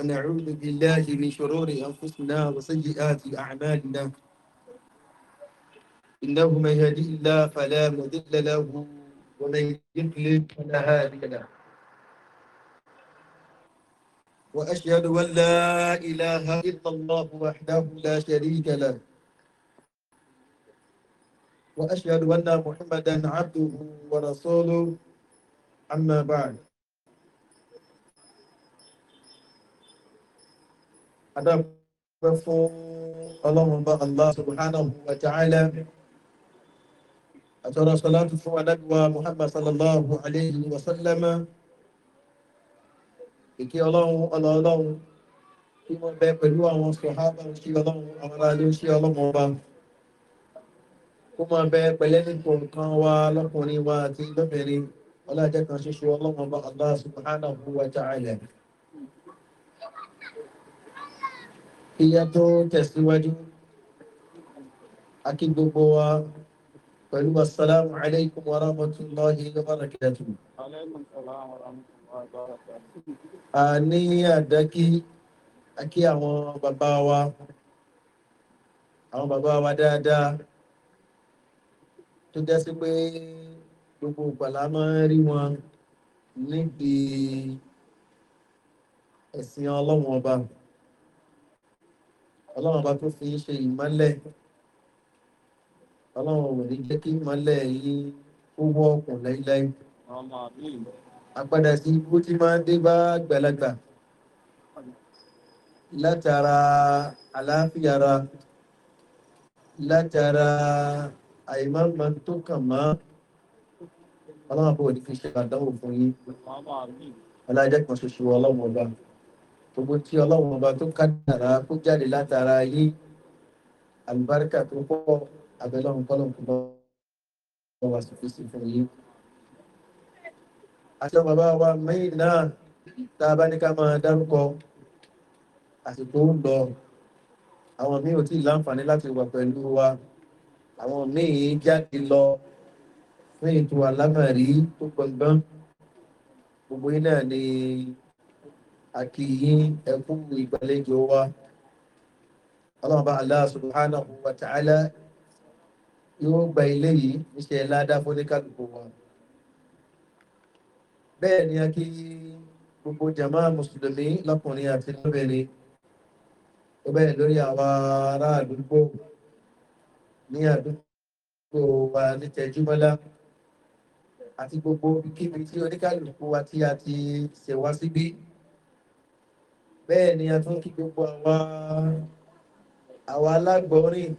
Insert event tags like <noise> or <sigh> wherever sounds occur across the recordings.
ونعوذ بالله من شرور أنفسنا وسيئات أعمالنا إنه من يهدي الله فلا مضل له ومن يضلل فلا هادي له وأشهد أن لا إله إلا الله وحده لا شريك له وأشهد أن محمدا عبده ورسوله أما بعد adábẹ́ fún ọlọ́run bá allah subhanahu wa ta'ala àtọ́rọ salatu fún adábíwa muhammad sallallahu alayhi wa sallama ìkí ọlọ́run ọlọ́run tí wọ́n bẹ pẹ̀lú àwọn sọ̀hábà sí ọlọ́run àwọn aráalé sí ọlọ́run ọba kó máa bẹ pẹ̀lẹ́ nípò nǹkan wa lọ́kùnrin wa àti lóbìnrin ọlájẹ́ kan ṣíṣe ọlọ́run ọba allah subhanahu wa ta'ala ìyá tó tẹ̀síwájú akí gbogbo wa pẹ̀lú assalamu alaikum wa rahmatullahi wa barakatuhu a ní àdákí akí àwọn bàbá wa àwọn bàbá wa dáadáa tó jẹ́ pé gbogbo ìgbàlá rí wọn níbi ẹ̀sìn ọlọ́wọ̀n ọba ọlọ́run bá tó fi ń ṣe ìmọ́lẹ̀ ọlọ́run ò ní jẹ́ kí ìmọ́lẹ̀ yìí ó wọ́ ọkùn láíláí àpadà sí ikú tí máa ń dé bá gbàlagbà látara àlàáfíà ara látara àìmáàmá tó kàn mọ́ ọlọ́run àbúrò ní fi ṣe àdánwò fún yín ọlọ́run ajẹ́ kan ṣoṣo ọlọ́run ọba gbogbo tí ọlọ́run ọba tó kádàrá kó jáde látara yí àlùbáríkà tó pọ̀ abẹ́lọ́run kọ́lọ́run kò bá wà sókèsì fún yín. àṣọ bàbá wa mẹ́yìn náà tá a bá ní ká máa dárúkọ àsìkò ń lọ àwọn míì ò tí ì láǹfààní láti wà pẹ̀lú wa àwọn míì jáde lọ fún ètò àlámàrí tó pọ̀ gbọ́n gbogbo yín náà ni àkì yín ẹkú ìgbàlejò wa ọlọ́mọba Allah subhanahu wa ta'ala yóò gba ilé yìí níṣẹ́ ládá fóníkàlùkù wa bẹ́ẹ̀ ni àkì gbogbo jama mùsùlùmí lọ́kùnrin àti lóbìnrin tó bẹ́ẹ̀ lórí àwa ará àdúgbò ní àdúgbò wa ní tẹjúmọ́lá àti gbogbo kíbi tí oníkàlùkù wa tí a ti ṣèwá síbí. Si bẹ́ẹ̀ ni a tún kí gbogbo àwọn alágbọ́nrin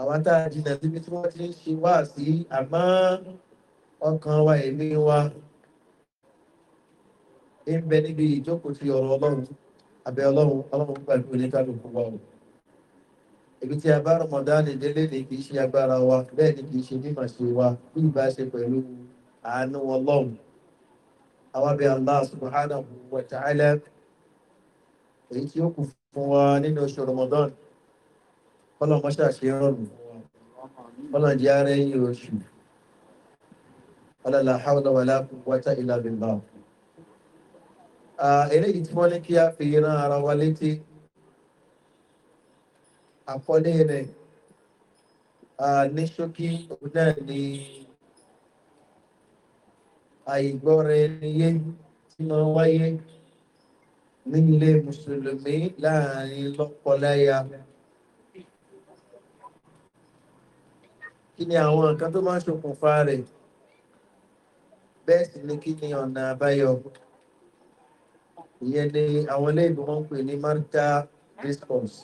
àwọn tá a jìnà síbi tí wọ́n ti ń ṣe wá sí àmọ́ ọkàn wa ẹ̀mí wa ń bẹ níbi ìjókòó ti ọ̀rọ̀ ọlọ́run abẹ́ ọlọ́run ọlọ́run gbàgbé oníkálukú wa o ibi tí a bá rọmọdánì délé ni kì í ṣe agbára wa bẹ́ẹ̀ ni kì í ṣe mímọ̀ ṣe wa bí ìbá ṣe pẹ̀lú àánú ọlọ́run àwọn abẹ́ allah subhanahu wa ta'ala èyí tí ó kù fún wa nínú oṣù ramadan ọlọ́mọṣà ṣe rọrùn ọlọ́njẹ́ ara ẹ̀yìn oṣù ọlọ́lá haúdáwàlá wáta ìlà bìbá eré yìí tí wọ́n ní kí a fi ran ara wa létí àkọlé rẹ̀ ní nílé mùsùlùmí láàrin lọ́kọláya kí ni àwọn nǹkan tó máa ń ṣokùnfà rẹ̀ bẹ́ẹ̀ sì ni kí ni ọ̀nà àbáyọ ìyẹn ni àwọn iléèbí wọn ń pè ní marta response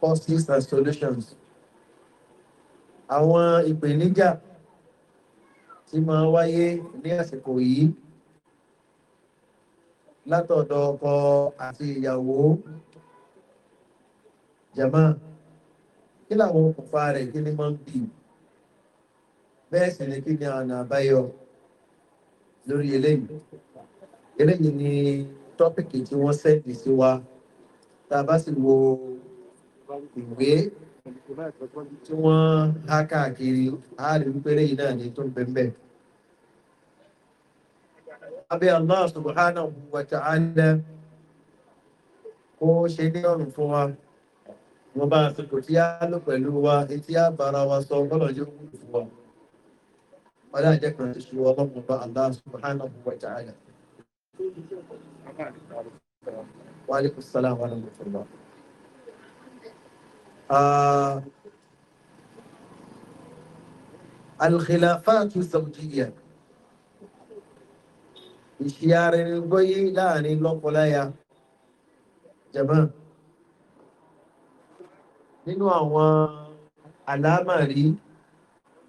causes and solutions àwọn ìpèníjà tí máa wáyé ní àsìkò yìí látọ̀dọ̀ ọkọ àti ìyàwó jama kí làwọn okùnfà rẹ̀ kí ni máa ń bì bẹ́ẹ̀ sì ni kí ni ọ̀nà àbáyọ lórí eléyìí eléyìí ni tọ́pìkì tí wọ́n sẹ́ẹ̀dì sí wa tá a bá sì wo ìwé tí wọ́n há káàkiri á rí wípé eléyìí náà ní tó ń bẹ́ẹ̀ abẹ́ Allah subhanahu wa ta'ala kó ṣe ní ọ̀rùn fún wa wọ́n bá àsìkò tí a lò pẹ̀lú wa etí a bára wa sọ ọlọ́jọ́ wúlò fún wa wọ́n dáa jẹ́ kan ṣe ọlọ́run bá Allah subhanahu wa ta'ala الخلافات الزوجيه ìṣe ara ẹni gbọ́yé láàrin lọ́pọ̀láyà jẹ̀mọ́ nínú àwọn àlámàrí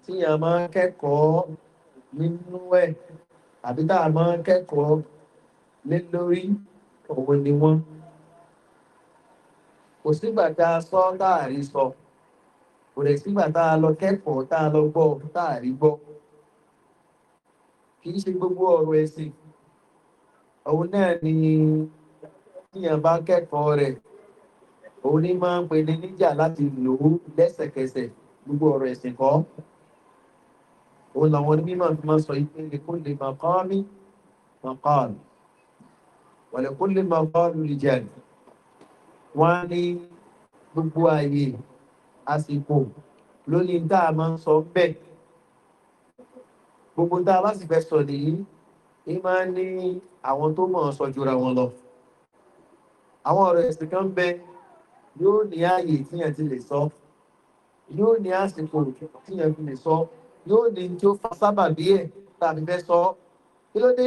tí a máa ń kẹ́kọ̀ọ́ nínú ẹ̀ àbí tá a máa kẹ́kọ̀ọ́ lé lórí òun ni wọ́n kò sígbà tá a sọ táàrí sọ kò rẹ̀ sígbà tá a lọ kẹ́kọ̀ọ́ tá a lọ gbọ́ táàrí gbọ́ kì í ṣe gbogbo ọ̀rọ̀ ẹ̀sìn òun náà ni tíyàn bá kẹ́kọ̀ọ́ rẹ̀ òun ní máa ń pèdè níjà láti lò ó lẹ́sẹ̀kẹsẹ̀ gbogbo ọ̀rọ̀ ẹ̀sìn kọ́ òun làwọn onímọ̀ fi máa sọ ipe lèkúnlè mọ̀kọ́ọ́mí mọ̀kọ́ọ̀lù wọ̀lẹ̀kúnlè mọ̀kọ́ọ̀lù lè jẹ́ wọ́n ní gbogbo ààyè àsìkò lónìí tá a máa ń sọ bẹ́ẹ̀ gbogbo tá a bá sì fẹ́ sọ nìyí ní máa ń ní àwọn tó mọ̀ sọ jura wọn lọ àwọn ọ̀rọ̀ ẹ̀sìn kan bẹ yóò ní ààyè tíyàn ti lè sọ yóò ní àsìkò tíyàn fi lè sọ yóò ní tí ó fa sábà bí ẹ̀ tàbí fẹ́ sọ kí ló dé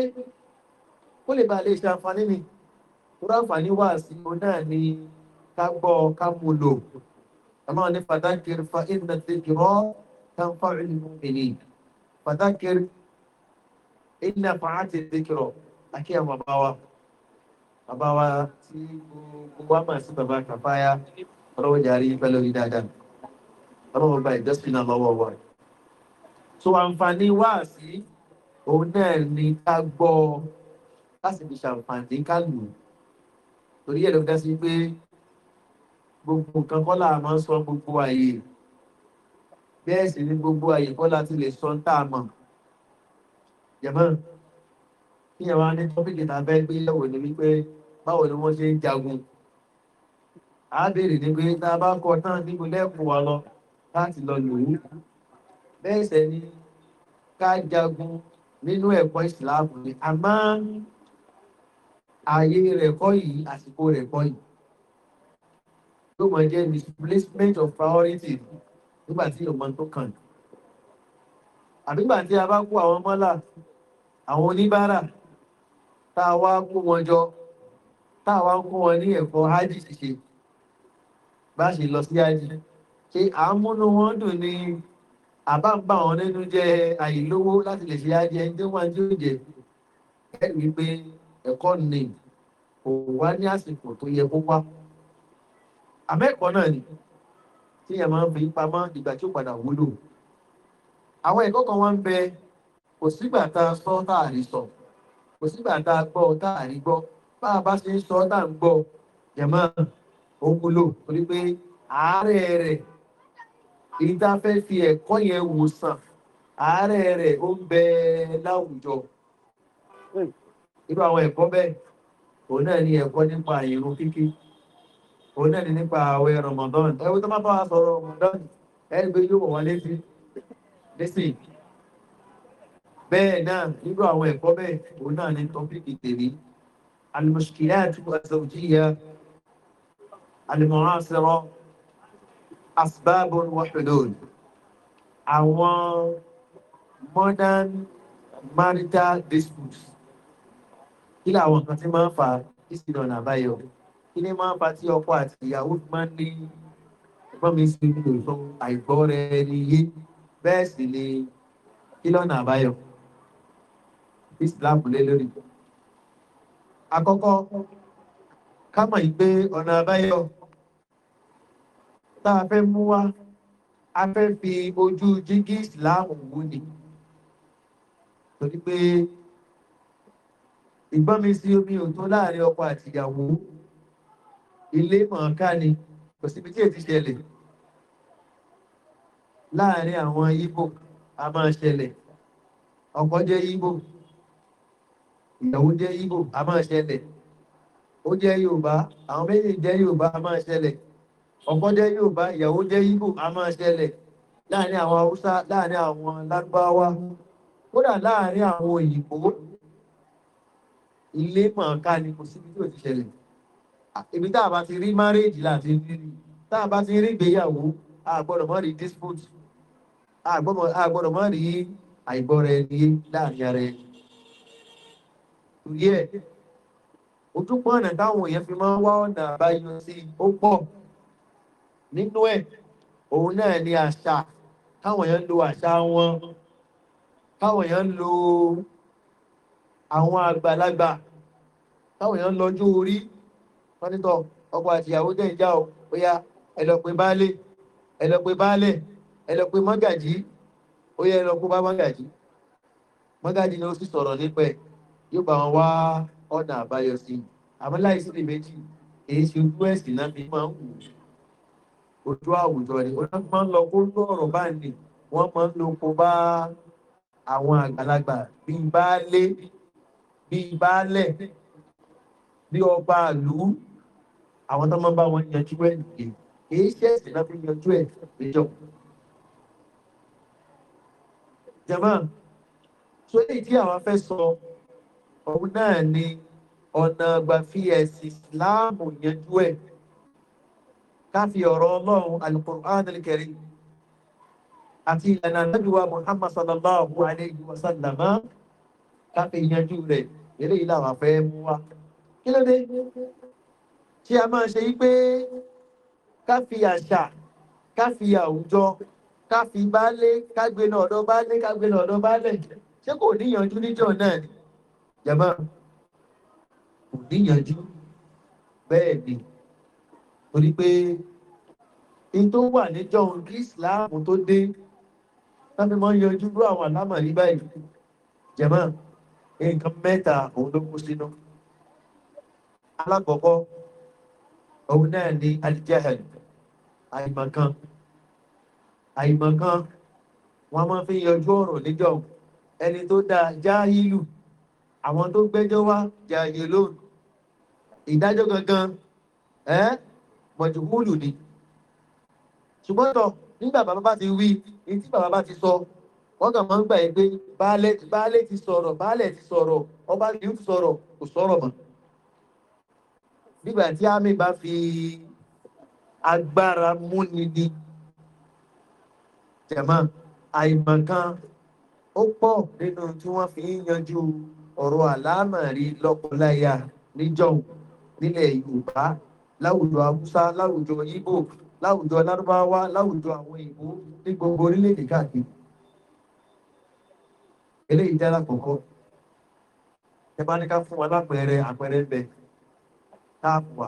kó lè ba lè àǹfààní ni tó ráǹfààní wà sí mo náà ni ká gbọ́ ká mú lò àmọ́ ní fàdákìrì fa ìdílé ti ká ń fa ìlú mi ni fàdákìrì iná fàáti díkìrọ̀ àkí àwọn bàbá wa bàbá wa tí gbogbo wa máa sí bàbá kàfáyà ọlọ́wọ́ jàrí pẹ̀lú orí dáadáa ọlọ́wọ́ bá ìdẹ́sìn lọ́wọ́ wa so àǹfààní wá sí òun náà ni ká gbọ́ láti fi ṣàǹfààní ká lù torí ẹ̀rọ dá sí pé gbogbo nǹkan kọ́lá máa ń sọ gbogbo àyè bẹ́ẹ̀ sì ni gbogbo àyè kọ́lá ti lè sọ ń tà mọ̀ jẹ̀mọ́ kí ẹ ní tọ́pìkì tá a fẹ́ gbé yẹ̀wò ni wípé báwo ni wọ́n ṣe ń jagun a béèrè ní pé tá a bá kọ tán níbo lẹ́kùn wa lọ láti lọ lòó bẹ́ẹ̀ ni ká jagun nínú ẹ̀kọ́ ìsìláàmù ni a máa ń ààyè rẹ̀ kọ́ yìí àsìkò rẹ̀ kọ́ yìí ló mọ̀ jẹ́ displacement of priority nígbà tí ìmọ̀ tó kàn àbígbà tí a bá kó àwọn mọ́là àwọn oníbàárà táwa kó wọn jọ táwa kó wọn ní ẹ̀kọ́ hajj ṣiṣe bá ṣe lọ sí hajj ṣe àmúnú wọn dùn ní àbámbà wọn nínú jẹ àìlówó láti lè ṣe hajj ẹni tó wà ní òjẹ ẹ̀rí wípé ẹ̀kọ́ ni kò wá ní àsìkò tó yẹ kó wá àmẹ́kọ̀ọ́ náà ni tí ẹ̀ máa ń fi pamọ́ ìgbà tí ó padà wúlò àwọn ẹ̀kọ́ kan wá ń bẹ kò sígbà tá a sọ tá a rí sọ kò sígbà tá a gbọ́ tá a rí gbọ́ bá a bá ṣe ń sọ tá a ń gbọ́ ó wúlò torí pé àárẹ̀ rẹ̀ èyí fi ẹ̀kọ́ yẹn wò sàn àárẹ̀ rẹ̀ ó ń bẹ láwùjọ irú àwọn ẹ̀kọ́ bẹ́ẹ̀ òun náà ni ẹ̀kọ́ nípa ìrun kíkí òun náà ni nípa àwẹ̀ ramadan ẹ̀wọ́n tó bá bá wa sọ̀rọ̀ ramadan ẹni pé yóò wọ̀ wọ́n létí nísìnyí bẹ́ẹ̀ náà nínú àwọn ẹ̀kọ́ bẹ́ẹ̀ òun náà ní tọ́pìkì tèmi alìmọ̀ṣìkìlá àti àzọ̀jíyà alìmọ̀ràn sẹ́rọ asbábọn wọ́pẹ̀lọ́n àwọn modern marital disputes kí làwọn kan tí máa ń fa ìsìnà àbáyọ kí ní máa ń fa tí ọkọ àti ìyàwó máa ń ní ẹgbọ́n mi sí ìlú àìgbọ́ rẹ̀ ní iye bẹ́ẹ̀ sì ni kí lọ́nà àbáyọ. Islam lé lórí. Àkọ́kọ́, ká mọ̀ yí pé ọ̀nà àbáyọ tá a fẹ́ mú wá, a fẹ́ fi ojú jígí Islam wú ni. Torí pé ìgbọ́n mi sí omi ò tó láàrin ọkọ àti ìyàwó, ilé mọ̀ọ́ká ni, kò síbi tí èti ṣẹlẹ̀. Láàrin àwọn Igbo, a máa ṣẹlẹ̀. Ọkọ jẹ́ Igbo, ìyàwó jẹ́ Igbo a máa ṣẹlẹ̀ ó jẹ́ Yorùbá àwọn méjì jẹ́ Yorùbá a máa ṣẹlẹ̀ ọkọ jẹ́ Yorùbá ìyàwó jẹ́ Igbo a máa ṣẹlẹ̀ láàrin àwọn Haúsá láàrin àwọn Lárúbáwá kódà láàrin àwọn òyìnbó ilé mọ̀ọ́ká ni kò síbi tí ò ti ṣẹlẹ̀ ibi tá a bá ti rí márèèjì láti rí rí tá a bá ti rí ìgbéyàwó a gbọ́dọ̀ mọ́ rí dispute a gbọ́dọ̀ mọ́ rí àìgbọ́ra ẹni láàrin ara ẹni torí ẹ̀ ojúpọ̀ ọ̀nà táwọn èèyàn fi máa ń wá ọ̀nà àbáyọ sí ó pọ̀ nínú ẹ̀ òun náà ni àṣà táwọn èèyàn lo àṣà wọn táwọn èèyàn lo àwọn àgbàlagbà táwọn èèyàn lọ́jú orí wọ́n nítọ̀ ọkọ̀ àti ìyàwó jẹ́ ìjà ò bóyá ẹlọ́pẹ́ baálé ẹlọ́pẹ́ baálẹ̀ ẹlọ́pẹ́ mọ́gàjí ó yẹ ẹlọ́pẹ́ bá mọ́gàjí mọ́gàjí ni ó sì sọ̀rọ̀ nípa ẹ̀ yóò bá wọn wá ọ̀nà àbáyọ sí i àmọ́ láìsí lè méjì èyí ṣe ojú ẹ̀sìn náà fi máa ń wù ojú àwùjọ ni wọ́n máa ń lọ kó lọ́rọ̀ bá ní wọ́n máa ń lo kó bá àwọn àgbàlagbà bíi baálé bíi baálẹ̀ bí ọba ìlú àwọn tó máa ń bá wọn yanjú ẹ̀ nìyẹn èyí ṣe ẹ̀sìn náà fi yanjú ẹ̀ níjọ. jẹ̀mọ́ sóyè tí àwọn fẹ́ sọ òun náà ni ọ̀nà gbàfi ẹ̀sìn ìsìláàmù yanjú ẹ̀ káfí ọ̀rọ̀ ọlọ́run alukur'an kẹrin àti ìlànà nàbíwá muhammad sallallahu alayhi wa sallam káfí yanjú rẹ̀ eré ìlànà fẹ́ mú wa kí ló dé tí a máa ṣe wípé káfí àṣà káfí àwùjọ káfí baálé kágbénà ọ̀dọ́ baálé kágbénà ọ̀dọ́ baálé ṣé kò níyanjú níjọ náà ni jẹmọ́ kò níyànjú bẹ́ẹ̀ ni torí pé in tó wà níjọ́ kí islam tó dé láti mọ́ yanjú rú àwọn alámọ̀rí báyìí jẹmọ́ nǹkan mẹ́ta òun ló kú sínú alákọ̀ọ́kọ́ òun náà ni alijahel àìmọ̀kan àìmọ̀kan wọ́n máa fi yanjú ọ̀rọ̀ níjọ́ ẹni tó dáa jáhìlù àwọn tó gbẹ́jọ́ wá jàyè lónìí ìdájọ́ gangan ẹ́ mọ̀jùmúlù ni ṣùgbọ́n tọ̀ nígbà bàbá bá ti wí ní tí bàbá bá ti sọ wọ́n kàn máa ń gbà yẹn pé baálé ti sọ̀rọ̀ baálé ti sọ̀rọ̀ ọba ìlú ti sọ̀rọ̀ kò sọ̀rọ̀ mọ́ nígbà tí àmì bá fi agbára múni ni jẹ̀mọ́ àìmọ̀kan ó pọ̀ nínú tí wọ́n fi ń yanjú ọ̀rọ̀ àlámọ̀rí lọ́kọláya níjọ́un nílẹ̀ yorùbá láwùjọ haúsá láwùjọ yíbò láwùjọ lárúbáwá láwùjọ àwọn èèbó ní gbogbo orílẹ̀-èdè káàkiri eléyìí jẹ́ lákòókò ẹ bá ní ká fún wa lápẹẹrẹ àpẹẹrẹ ń bẹ táàpùwà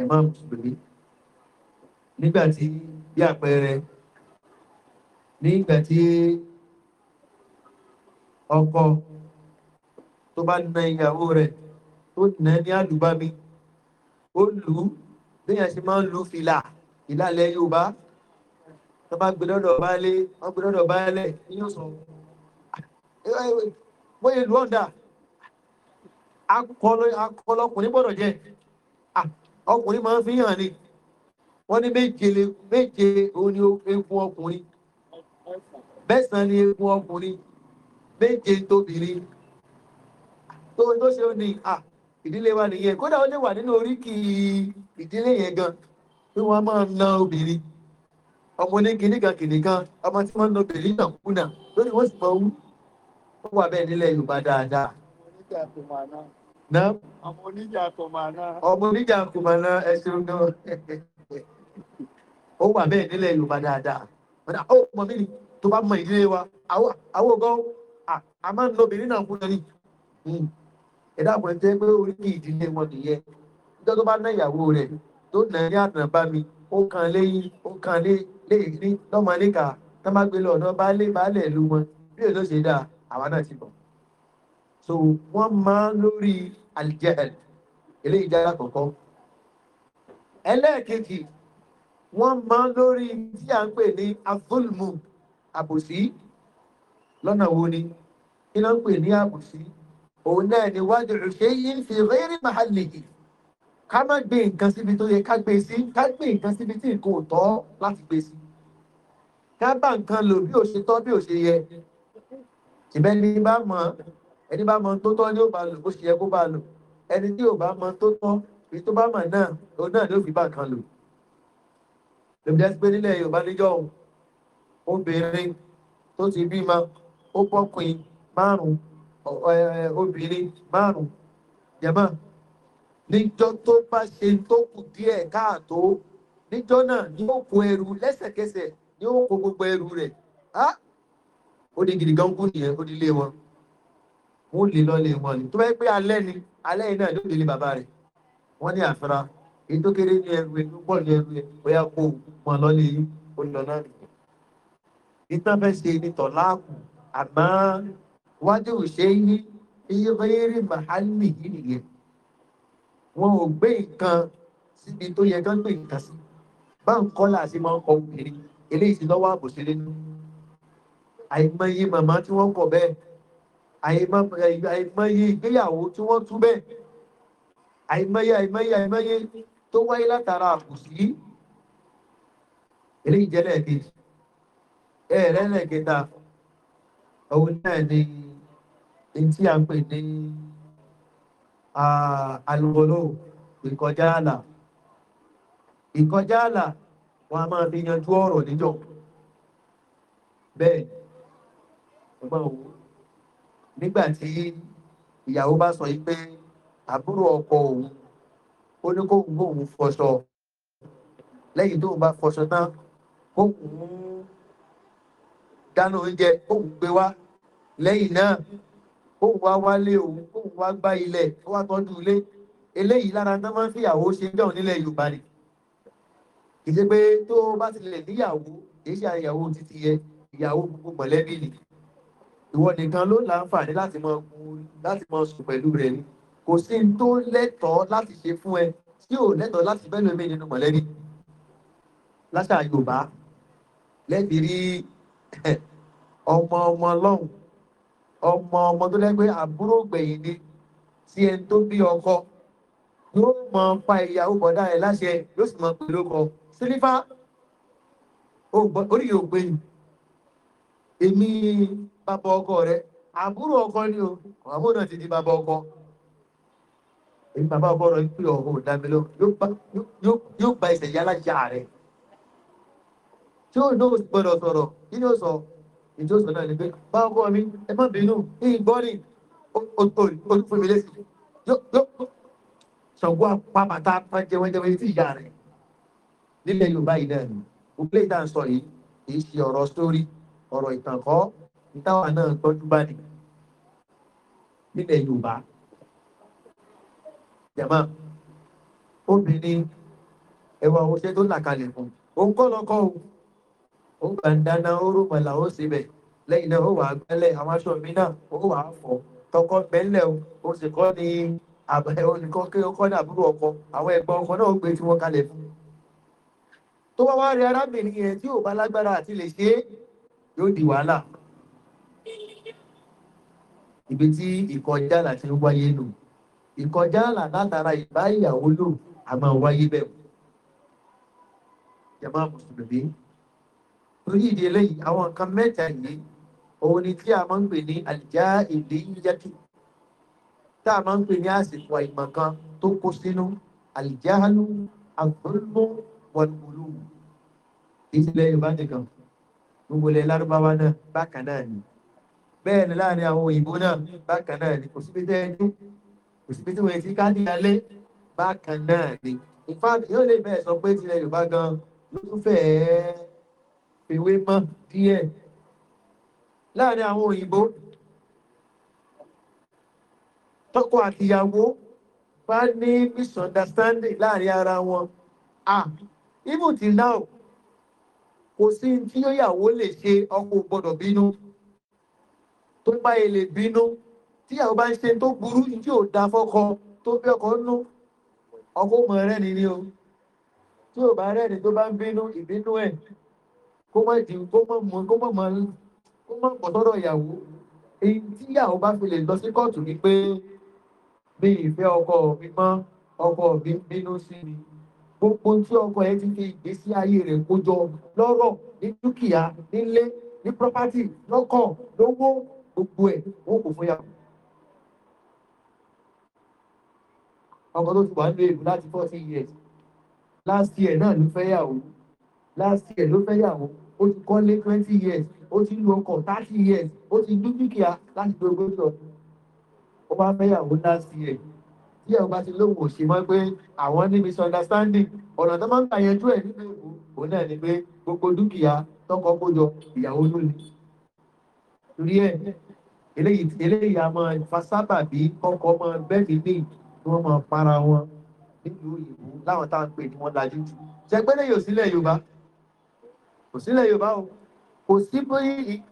ẹ máa ń tùbìlì nígbà tí bí àpẹẹrẹ nígbà tí ọkọ tó bá na ìyàwó rẹ̀ tó nà ní àdúbámi ó lù ú bẹ́yàn ṣe máa ń lu fìlà ìlàlẹ̀ yorùbá tó bá gbé lọ́dọ̀ baálé wọ́n gbé lọ́dọ̀ baálé ní yóò sọ bóyá ìlú ọ̀dà akọlọkùnrin gbọ́dọ̀ jẹ́ ọkùnrin máa ń fi hàn ni wọ́n ní méje méje òun ni egun ọkùnrin bẹ́sàn ni egun ọkùnrin méje tóbìnrin tó tó ṣe ni ní à ah, ìdílé wa nìyẹn kódà ó lè wà nínú oríkì ìdílé yẹn gan pé wọ́n máa na obìnrin ọmọ ní kìnnìkan kìnnìkan ọmọ tí wọ́n ń lo obìnrin náà kùnà lórí wọ́n sì mọ̀ wú ó wà bẹ́ẹ̀ nílẹ̀ yorùbá dáadáa. ọmọ oníjà kòmánà. ọmọ oníjà kòmánà ẹ ṣeun náà ó wà bẹ́ẹ̀ nílẹ̀ yorùbá dáadáa ọ̀dà ó mọ̀ mí ni tó bá mọ ìdílé wa àwọn gan a máa ẹ̀dá àpọ̀ ẹ̀ jẹ́ pé orí ìdílé wọn nìyẹn ìjọ tó bá ná ìyàwó rẹ̀ tó nà ní àtànbá mi ó kan léyìn ó kan lé léyìí lọ́mọ níka tó má gbé lọ́dọ̀ baálé baálé ìlú wọn bí èso ṣe dáa àwa náà ti bọ̀. so wọ́n máa lórí aljẹ́ẹ̀l eléyìí jára kọ̀ọ̀kọ́. ẹlẹ́ẹ̀kejì wọ́n máa lórí tí à ń pè ní avulmu àbòsí lọ́nà wo ni iná ń pè ní àbòsí òun náà ni wájú ṣe yín fi rẹ́rìn màálì yìí ká má gbé nǹkan síbi tó yẹ ká gbé sí ká gbé nǹkan síbi tí nǹkan ò tọ́ láti gbé sí ká bá nǹkan lò bí ò ṣe tọ́ bí ò ṣe yẹ ìbẹ́ ni bá mọ ẹni bá mọ tó tọ́ ni ó bá lò bó ṣe yẹ kó bá lò ẹni tí ò bá mọ tó tọ́ èyí tó bá mọ̀ náà òun náà ni ó fi bá nǹkan lò lóbi dá sí pé nílẹ̀ Yorùbá níjọ́ obìnrin tó ti bímọ ó pọ́kùn márùn-ún obìnrin márùn-ún jẹ̀mọ́ níjọ́ tó bá ṣe tó kù díẹ̀ káàtó níjọ́ náà ni ó kó ẹrù lẹ́sẹ̀kẹsẹ̀ ni ó kó gbogbo ẹrù rẹ̀ ó di gidi gan kú nìyẹn ó di lé wọn wọn ò lè lọ lè wọn ni tó bá pé alẹ́ ni alẹ́ yìí náà ló délé bàbá rẹ̀ wọ́n ní àfẹ́ra èyí tó kéré ní ẹrù ẹnu pọ̀ ní ẹrù ẹnu bóyá kó mọ̀ lọ́lẹ̀ yìí ó lọ náà nìyẹn ìtàn fẹ́ ṣe ní tọ̀láàkù àmọ́ wájú ṣéyí iye rírì màálì yìí nìyẹn wọn ò gbé nǹkan síbi tó yẹ kán gbé nǹkan sí báwọn kọ́lá sí máa ń kọ obìnrin eléyìí ti lọ́wọ́ àbòsí nínú àìmọye màmá tí wọ́n kọ̀ bẹ́ẹ̀ àìmọye ìgbéyàwó tí wọ́n tú bẹ́ẹ̀ àìmọye àìmọye àìmọye tó wáyé látara àkùsí eléyìí jẹ́ lẹ́ẹ̀kejì ẹ̀ẹ́rẹ́ òun náà ni èyí tí a ń pè ní alùwòlò ìkọjá àlà ìkọjá àlà wọn a máa fi yanjú ọ̀rọ̀ níjọ bẹ́ẹ̀ ọgbọ́n òwú nígbà tí ìyàwó bá sọ yí pé àbúrò ọkọ òun ó ní kó gbó òun fọṣọ lẹ́yìn tó bá fọṣọ tán kó òun dáná oúnjẹ kó gbé wá lẹ́yìn náà kó wá wálé òun kó wá gbá ilẹ̀ kó wá tọ́jú ilé eléyìí lára tán máa ń fìyàwó ṣe jọ nílẹ̀ yorùbá ni kì í ṣe pé tó bá tilẹ̀ níyàwó kì í ṣe àyàwó títí yẹ ìyàwó gbogbo mọ̀lẹ́bí ni ìwọ nìkan ló láǹfààní láti mọ láti mọ sùn pẹ̀lú rẹ ni kò sí tó lẹ́tọ̀ọ́ láti ṣe fún ẹ tí ò lẹ́tọ̀ọ́ láti bẹ́ẹ̀ lómi nínú mọ̀lẹ́bí láṣà yorùbá lẹ́ẹ̀tì rí <laughs> ọmọ ọmọ ọlọ́run ọmọ ọmọ tó lẹ́gbẹ́ àbúrò gbẹ̀yìn ni tí ẹni tó bí ọkọ yóò mọ pa ìyàwó bọ̀dá ẹ̀ láṣẹ yóò sì mọ pẹ̀lú ọkọ sílífà orí yóò gbé yìí èmi bàbá ọkọ rẹ àbúrò ọkọ ni o àbúrò náà ti di bàbá ọkọ èmi bàbá ọkọ rẹ pé ọkọ ò dámi lọ yóò gba ìṣẹ̀yà láṣà rẹ tí ó náà gbọdọ̀ sọ̀rọ̀ kí ni ó sọ ìjọ sọ náà ni pé báwo bọ́ mi ẹ má bínú ìgbọ́nì olùfún mi lẹ́sìn ṣọ̀gbọ́ àpapàtà jẹwẹ́jẹwẹ́ tí ìyá rẹ̀ nílẹ̀ yorùbá yìí náà ni òpilẹ̀ ìta ń sọ yìí kìí ṣe ọ̀rọ̀ sórí ọ̀rọ̀ ìtànkọ́ ìtawà náà tọ́jú bá ní nílẹ̀ yorùbá jẹ̀mọ́ obìnrin ẹwà oṣẹ́ tó là kalẹ̀ fún òun kọ́ lọ́kọ́ òun ó gbà ń dáná ó rò mọ̀lá ó sì bẹ̀ lẹ́yìn náà ó wà á gbẹ́lẹ̀ àwọn aṣọ mi náà ó wà á fọ̀ tọkọ bẹ́lẹ̀ o sì kọ́ ni olùkọ́ kí ó kọ́ ní àbúrò ọkọ àwọn ẹ̀gbọ́n ọkọ náà ó gbé tí wọ́n kalẹ̀ fún tó wá wá rí arábìnrin yẹn tí ò bá lágbára àti lè ṣe yóò di wàhálà ibi tí ìkọjá là wáyé nù ìkọjá látara ìbá ìyàwó lò àmọ́ wáyé bẹ́ẹ̀ torí ìdí eléyìí àwọn nǹkan mẹ́ta yìí òun ni tí a máa ń pè ní àlìjá èdè yíyájú tá a máa ń pè ní àsìkò àìmọ̀ kan tó kó sínú àlìjáhálú àgbọ̀nmọ́ wọnúwọlú ìsìlẹ̀ yorùbá nìkan gbogbo ilẹ̀ lárúbáwá náà bákan náà ni bẹ́ẹ̀ ni láàrin àwọn òyìnbó náà bákan náà ni kò sí pété ẹni kò sí pété wọ́n ti ká ní alẹ́ bákan náà ni ìfáàbí yóò lè bẹ́ẹ̀ sọ pé tilẹ̀ yorùbá gan ló tún fẹ́ẹ́ fèwé mọ́ díẹ̀ láàrin àwọn òyìnbó tọ́kọ àtìyàwó bá ní misunderstanding láàrin ara wọn ah even till now kò sí tí yóyàwó lè ṣe ọkọ gbọdọ̀ bínú tó bá ilé bínú tíyàwó bá ń ṣe tó burú tí ò da fọ́kọ tó bí ọkọ nú ọkọ mọ̀ rẹ́ni ni o tí ò bá rẹ́ni tó bá ń bínú ìbínú ẹ̀ kó mọ̀ di kó mọ̀ mọ̀ kó mọ̀ mọ̀ kó mọ̀ pọ̀ sọ́dọ̀ ìyàwó èyí tí ìyàwó bá fi lè lọ sí kóòtù ni pé mi ìfẹ́ ọkọ mi mọ́ ọkọ mi bínú sí mi gbogbo tí ọkọ yẹn ti fi ìgbésí ayé rẹ̀ kójọ lọ́rọ̀ ní dúkìá nílé ní property lọ́kàn lówó gbogbo ẹ̀ wọn kò fún yàwó. ọkọ tó ti wà nílé ìlú láti fourteen years last year náà ló fẹ́ yàwó last year ló fẹ́yàwó ó ti kọ́lé twenty years ó ti lu ọkọ̀ thirty years ó ti ní dúkìá láti dogun sọ ó bá fẹ́yàwó last year tí ẹ̀ bá ti lóhùn òṣè mọ́ pé àwọn ní misunderstanding ọ̀nà tó máa ń gbà yẹn jú ẹ̀ nínú èkó òun náà ni pé gbogbo dúkìá tọkọ kójọ ìyàwó ló ní torí ẹ eléyìí a máa fasábà bí kọkọ máa bẹ́ẹ̀ ní ní wọ́n máa para wọn nílùú òyìnbó láwọn táwọn pè ní wọ́n lajú jù jẹgbẹ́lẹ́ yóò sílẹ̀ yorùbá kò sílẹ̀ yorùbá o kò sí bí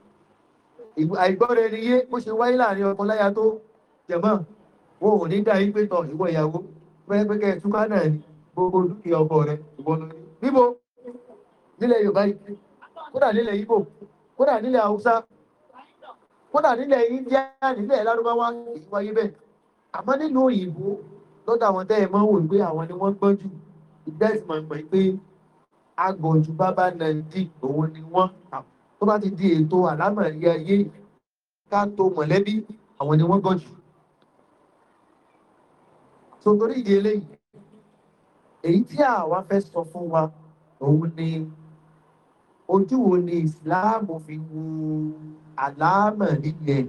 àìgbọ́ra ẹni yé bó ṣe wáyé láàrin ọkọ láyà tó jẹ̀mọ́ wọn ò ní dá yín pé tọ̀ ìwọ ìyàwó pẹ́ pé kẹ́ ẹ̀ túká náà ni gbogbo dúkìá ọkọ rẹ ìwọ́n lórí níbo nílẹ̀ yorùbá yìí kódà nílẹ̀ ibo kódà nílẹ̀ haúsá kódà nílẹ̀ india nílẹ̀ lárúbáwá èyí wáyé bẹ́ẹ̀ àmọ́ nínú òyìnbó lọ́dọ̀ àwọn tẹ́ ẹ mọ́ wò pé àwọn ni wọ́n gbọ́n jù ìdá ìsìmọ̀ agọ̀jù bábá nàìjí òun ni wọ́n tó bá ti di ètò àlámọ̀ ẹ̀yẹ ayé ká tó mọ̀lẹ́bí àwọn ni wọ́n gọ̀jù. so ìdí eléyìí èyí tí àwa fẹ́ sọ fún wa òun ni ojú wo ni ìsìláàmù fi wu àlámọ̀ nílẹ̀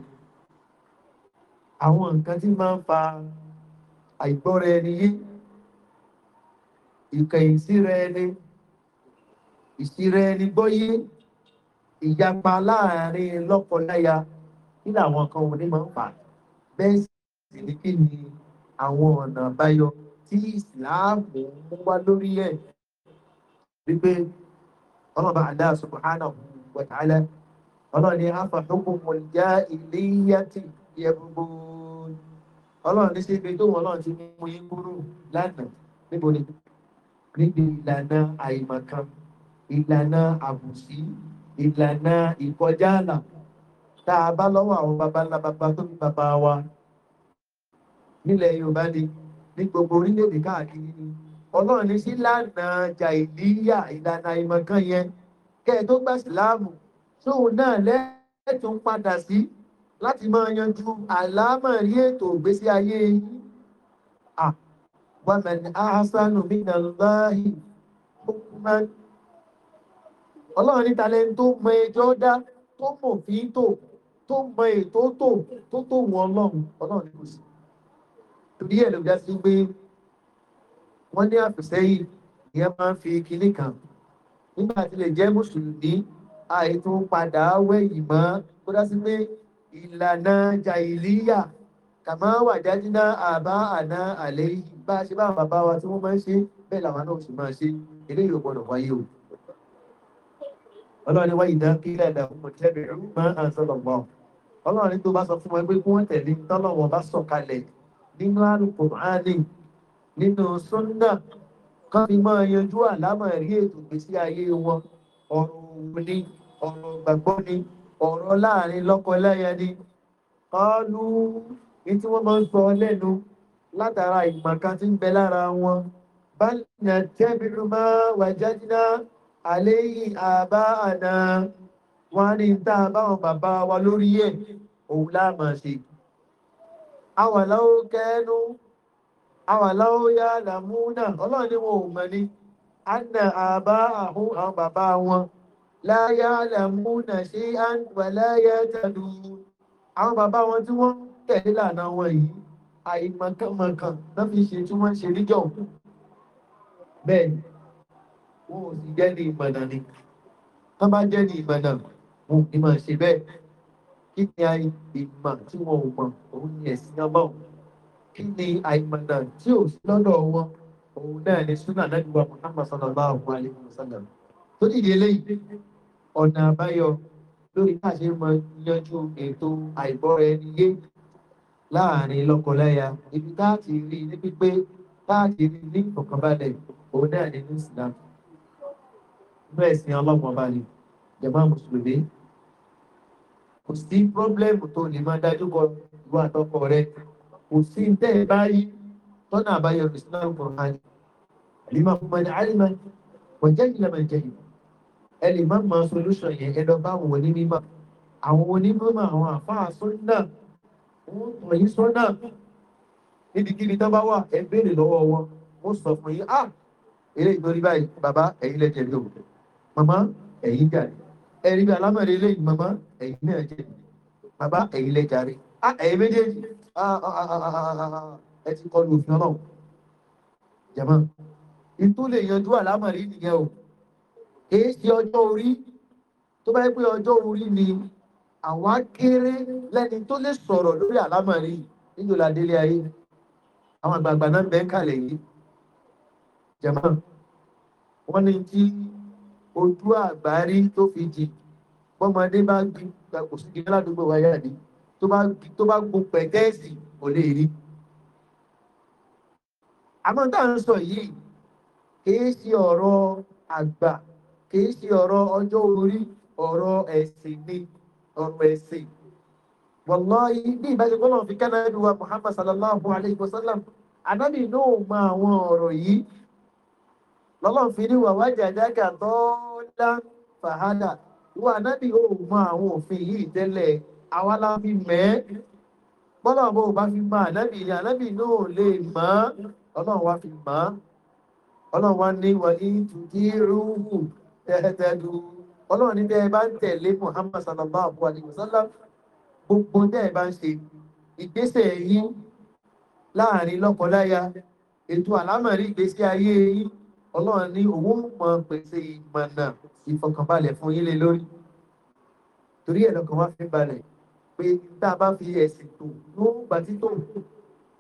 àwọn nǹkan tí máa ń fa àìgbọ́ra ẹni yé ìkẹyìn síra ẹni ìṣirẹ ẹni gbọ́yé ìyapa láàrin lọ́kọláya kí làwọn kan òní máa ń fà bẹ́ẹ̀ sì ni kí ni àwọn ọ̀nà àbáyọ tí ìsìláàmù mú wá lórí ẹ̀ wípé ọlọ́ba àdá subhana wa ta'ala ọlọ́run ni afa hukumu ja iléyàtì yẹbùbù ọlọ́run ní síbi tó wọn náà ti mú yín kúrò lánàá níbo ni níbi ìlànà àìmọ̀kan ìlànà àbùsí ìlànà ìkọjá àlà tá a bá lọ́wọ́ àwọn baba ńlá baba tó bí baba wa nílẹ̀ yorùbá ni ní gbogbo orílẹ̀-èdè káàkiri ni ọlọ́run ní sí lánà jàìlíyà ìlànà ìmọ̀kan yẹn kẹ́ ẹ tó gbà síláàmù sóun náà lẹ́ẹ̀tún padà sí láti máa yanjú àlámọ̀rí ètò ìgbésí ayé yìí wàmẹ̀ ní ahasanu minalláhi hukuman ọlọ́run ní talẹ́ tó mọ ẹjọ́ dá tó mọ̀ fi tò tó mọ ètò tò tó tó wọn ọlọ́run ọlọ́run ní kò sí torí ẹ̀ ló dá sí pé wọ́n ní àfẹ́sẹ́yìn ìyẹn máa ń fi kinní kan nígbà tí lè jẹ́ mùsùlùmí àìtó padà wẹ̀yìn mọ́ kó dá sí pé ìlànà jàìlíyà kàmá wà jájínà àbá àná àlẹ́ yìí bá ṣe bá bàbá wa tí wọ́n máa ń ṣe bẹ́ẹ̀ làwọn náà sì máa ṣe eléyìí ò gbọ́dọ̀ wáyé o ọlọ́run ni wáyé ìdákílẹ̀ ìdàkùnmọ̀ jẹ́bi máa ń sọ́lọ̀mọ́ ọlọ́run ní tó bá sọ fún wọn pé kí wọ́n tẹ̀lé tọ́lọ̀wọ̀ bá sọ̀kalẹ̀ nínú àlùkò áàlì nínú sọ́nà kan fi máa yanjú àlámọ̀ rí ètò ìgbésí ayé wọn ọ̀rọ̀ òun ni ọ̀rọ̀ gbàgbọ́ ni ọ̀rọ̀ láàrin lọ́kọ ẹlẹ́yẹ ni kọlu ní tí wọ́n máa ń sọ lẹ́nu látara ìmọ̀kan tí ń bẹ lára wọn bá nà jẹ́bi máa wà jáde náà àléyìn àbá àná wọ́n ní tá a báwọn bàbá wa lórí ẹ̀ òun láàmà sí àwàláwó kẹ́ẹ́nú àwàláwó yá làmúnà ọlọ́run ni wọn ò mọ̀ ní àna àbá àhún àwọn bàbá wọn láyá làmúnà sí àǹwà láyá tàdù àwọn bàbá wọn tí wọ́n tẹ̀lé lànà wọn yìí àìmọ̀kànmọ̀kàn náà fi ṣe tí wọ́n ṣe níjọ́ bẹ́ẹ̀ wọn ò sì ni tán bá jẹ́ ní ìmọ̀nà wọn kì í máa ṣe bẹ́ẹ̀ kí ni àìmọ̀ tí wọn ò mọ̀ òun ni ẹ̀sìn ọlọ́run kí ni àìmọ̀nà tí ò sí lọ́dọ̀ wọn òun náà ni súnà lẹ́gbẹ̀wá muhammad sallallahu alayhi wa sallam tó dìde eléyìí ọ̀nà àbáyọ lórí káṣe mọ yanjú ètò àìgbọ́ra ẹni yé láàrin lọ́kọláya ibi táàtì rí ní pípé táàtì rí ní ìfọ̀kànbalẹ̀ òun náà ni ní bẹ́ẹ̀ sí ọlọ́pàá bá lè jẹ̀mọ́ mùsùlùmí kò sí pírọ́blẹ́mù tó lè máa dájú kọ ìwà àtọkọ rẹ kò sí tẹ́ ẹ báyìí tọ́nà àbáyọ ìsìláàmù kọ̀ọ̀kan àlìmọ́ àkùnmọ́ni àlìmọ́ wọ́n jẹ́ ìlànà ìjẹ́yìn ẹ lè má mọ solution yẹn ẹ lọ bá àwọn onímọ̀ àwọn onímọ̀ àwọn àfáà sọ́nà wọ́n tọ̀ yín sọ́nà níbikíbi tó bá wà ẹ béèrè lọ́wọ́ wọn ó sọ fún yín ah eré ìtorí báyìí bàbá ẹ̀yin lẹ́jẹ̀ bí òun Mama, màmá ẹ̀yin jàre ẹ̀rí bí alámọ̀rẹ́ eléyìí màmá ẹ̀yin náà jẹ́ bàbá ẹ̀yin lẹ jàre ẹ̀yin méjèèjì ẹ ti kọlu òfin ọlọ́run jẹ̀mọ́ ìtú lè yanjú alámọ̀rẹ́ nìyẹn o kìí ṣe ọjọ́ orí tó bá yẹ pé ọjọ́ orí ni àwọn akéré lẹ́ni tó lè sọ̀rọ̀ lórí alámọ̀rẹ́ níjọ́lá délé ayé àwọn àgbààgbà náà bẹ́ẹ̀ kàlẹ̀ yìí jẹ̀mọ́ wọ́n ní tí ojú àgbárí tó fi jì bọ́mọdé bá gbí kò sí ìgbẹ́ ládùúgbò wáyà ni tó bá gun pẹ̀tẹ́ẹ̀sì kò lè rí. àmọ́ tá à ń sọ yìí kìí ṣe ọ̀rọ̀ àgbà kìí ṣe ọ̀rọ̀ ọjọ́ orí ọ̀rọ̀ ẹ̀sìn ni ọ̀rọ̀ ẹ̀sìn. wọ̀lọ́yí bí ìbáṣepọ̀ náà fi kánádùn wa muhammad sallallahu alayhi wa sallam anábì náà mọ àwọn ọ̀rọ̀ yìí lọ́lọ́run fi ní wàwá jàdáka dọ́ọ́lá fàhádà ìwà nábì ó mọ àwọn òfin yìí tẹ́lẹ̀ àwa la fi mẹ́ bọ́lọ́run bó bá fi mọ ànábì ni ànábì náà lè mọ́ ọlọ́run wá fi mọ́ ọlọ́run wá ní wà ní tùdí rúhù tẹ́tẹ́dù ọlọ́run ní bẹ́ẹ̀ bá ń tẹ̀lé muhammad sallallahu alayhi wa sallam gbogbo bẹ́ẹ̀ bá ń ṣe ìgbésẹ̀ yín láàrin lọ́kọláya ètò àlámọ̀rí ìgbésí ayé yín ọlọ́run ní owó mọ pèsè ìmọ̀nà ìfọkànbalẹ̀ fún yín lé lórí torí ẹ̀ lọ́kàn wá fi balẹ̀ pé tá a bá fi ẹ̀sìn tò yóò gbà títò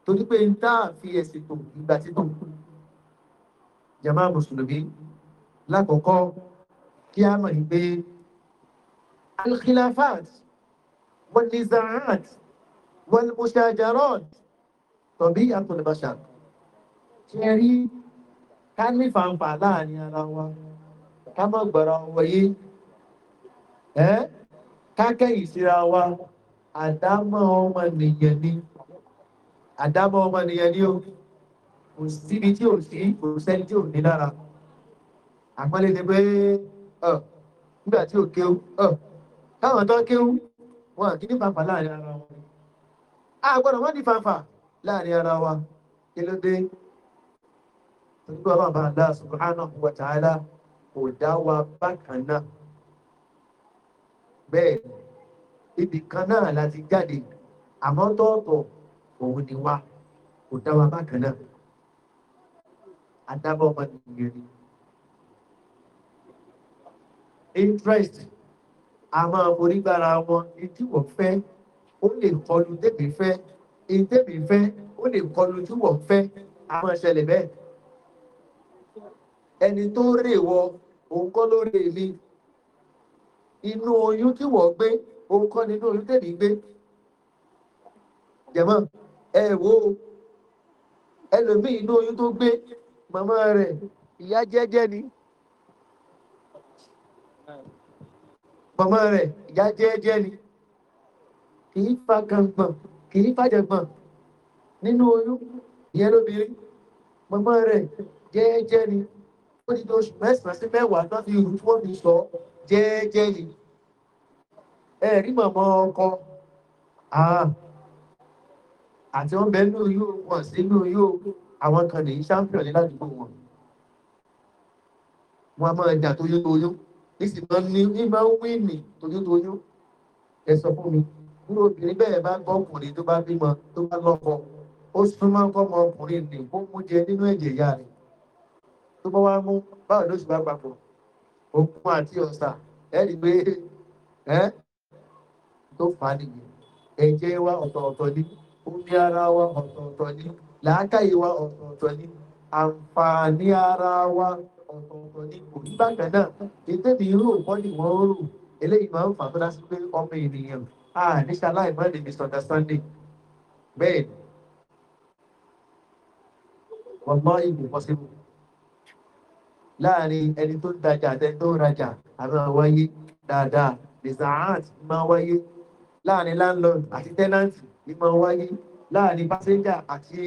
torí pé tá a fi ẹ̀sìn tò ìgbà títò jama mùsùlùmí lákọ̀ọ́kọ́ kí a mọ̀ pé alkhilafat wal nizaat wal mushajarat tọ̀bí àtúnbàṣà ṣe rí ká ní fàǹfà láàrin ara wa ká mọ̀ gbọ́ra wọ̀nyí ẹ́ ká kẹ́yìn síra wa àdámọ́ ọmọ nìyẹn ni àdámọ́ ọmọ nìyẹn ni ó kò síbi tí ò sí kò sẹ́ni tí ò ní lára àpọ́nlé ti pé ọ̀ nígbà tí ò kéwú ọ̀ káwọn tó kéwú wọn kì ní fàǹfà láàrin ara wa a gbọ́dọ̀ wọ́n ní fàǹfà láàrin ara wa kí ló dé nígbà wọn bá dá subhanahu wa ta'ala kò dá wa bákan náà bẹ́ẹ̀ ibì kan náà láti jáde àmọ́ tọ́ọ̀tọ̀ òun ni wá kò dá wa bákan náà adábọ̀ ọmọ nìyẹn ni interest a máa borí gbára wọn etí wọ́n fẹ́ ó lè kọlu débi fẹ́ etí fẹ́ ó lè kọlu tí wọ́n fẹ́ a máa ṣẹlẹ̀ bẹ́ẹ̀ ẹni tó rè wọ òun kọ́ ló rè mí inú oyún tí wọ́n gbé òun kọ́ nínú oyún tèmi gbé jẹ̀mọ́ ẹ wo ẹlòmíì inú oyún tó gbé màmá rẹ̀ ìyá jẹ́jẹ́ ni màmá rẹ̀ ìyá jẹ́jẹ́ ni kì í fa gangbọ̀n kì í fàjẹ̀gbọ̀n nínú oyún ìyẹn lóbìnrin màmá rẹ̀ jẹ́jẹ́ ni ó di oṣù mẹ́sàn-án sí mẹ́wàá náà ní irú tí wọ́n fi sọ jẹ́ẹ́jẹ́ yìí ẹ rí mọ̀mọ́ ọkọ àti wọn bẹ nínú yóò wọn sí nínú yóò àwọn kan lè ṣàǹfìọ̀ ní ládùúgbò wọn wọn a máa jà tóyó tóyó nísì máa ní ní máa ń wí nì tóyó tóyó ẹ sọ fún mi bí obìnrin bẹ́ẹ̀ bá gbọ́ ọkùnrin tó bá bímọ tó bá lọ́kọ ó súnmọ́ kọ́mọ ọkùnrin nì kó mú jẹ nínú ẹ̀jẹ̀ ìyá rẹ̀ tó bá wá mú báwo ló sì bá papọ̀ òkun àti ọ̀sà ẹ̀rí pé ẹ́ tó fà á nìyẹn ẹ̀jẹ̀ wa ọ̀tọ̀ọ̀tọ̀ ni omi ara wa ọ̀tọ̀ọ̀tọ̀ ni làákàyè wa ọ̀tọ̀ọ̀tọ̀ ni àǹfààní ara wa ọ̀tọ̀ọ̀tọ̀ ni kò ní bákan náà ètò mi rò wọ́n ni wọ́n rò eléyìí máa ń fà tó dásí pé ọmọ ènìyàn a níṣà láì má lè misunderstanding bẹ́ẹ̀ ni wọ́n mọ possible láàrin ẹni tó ń tajà àtẹni tó ń rajà àmọ́ wáyé dáadáa desaart máa wáyé láàrin landlord àti tenant máa wáyé láàrin passenger àti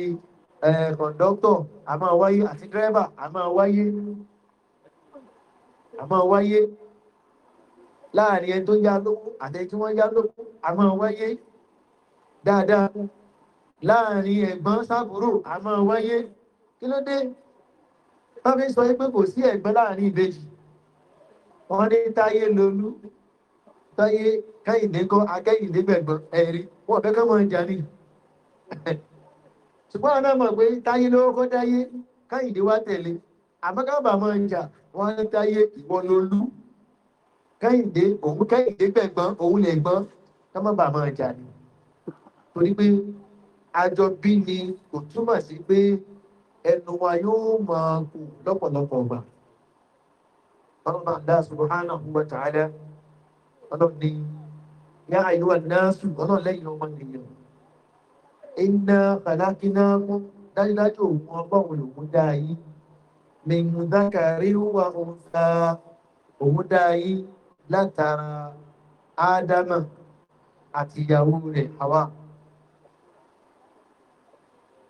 conductor àmọ́ wáyé àti driver àmọ́ wáyé àmọ́ wáyé láàrin ẹni tó yá lówó àtẹni tí wọ́n yá lówó àmọ́ wáyé dáadáa láàrin ẹ̀gbọ́n sábúrò àmọ́ wáyé kí ló dé tó fi sọ pé kò sí ẹ̀gbọ́n láàrin ìbejì wọ́n ní táyé lolú táyé kẹ́yìndé kọ́ akẹ́yìndé gbẹ̀gbọ́n ẹ̀rí wọ́n fẹ́ kọ́mọ ìjà ni ṣùgbọ́n àwọn náà mọ̀ pé táyé lówó kọ́ táyé kẹ́yìndé wá tẹ̀lé àmọ́kábà mọ́ ìjà wọ́n ní táyé ìwọ lolú kẹ́yìndé òun kẹ́yìndé gbẹ̀gbọ́n òun lè gbọ́n kọ́mọ́bà ẹnu wa yóò máa kú lọ́pọ̀lọpọ̀ ọgbà ọlọ́pàá dáa subhánà ọgbà tààlẹ́ ọlọ́ni yá àyíwá náàsù ọlọ́lẹ́yìn ọmọ ènìyàn iná kàlákíná mú dájúdájú òun ọgbọ́n olùkú dáayí mẹ́yìn dákàrí wà òun ta òun dáayí látara ádámà àti ìyàwó rẹ̀ hawa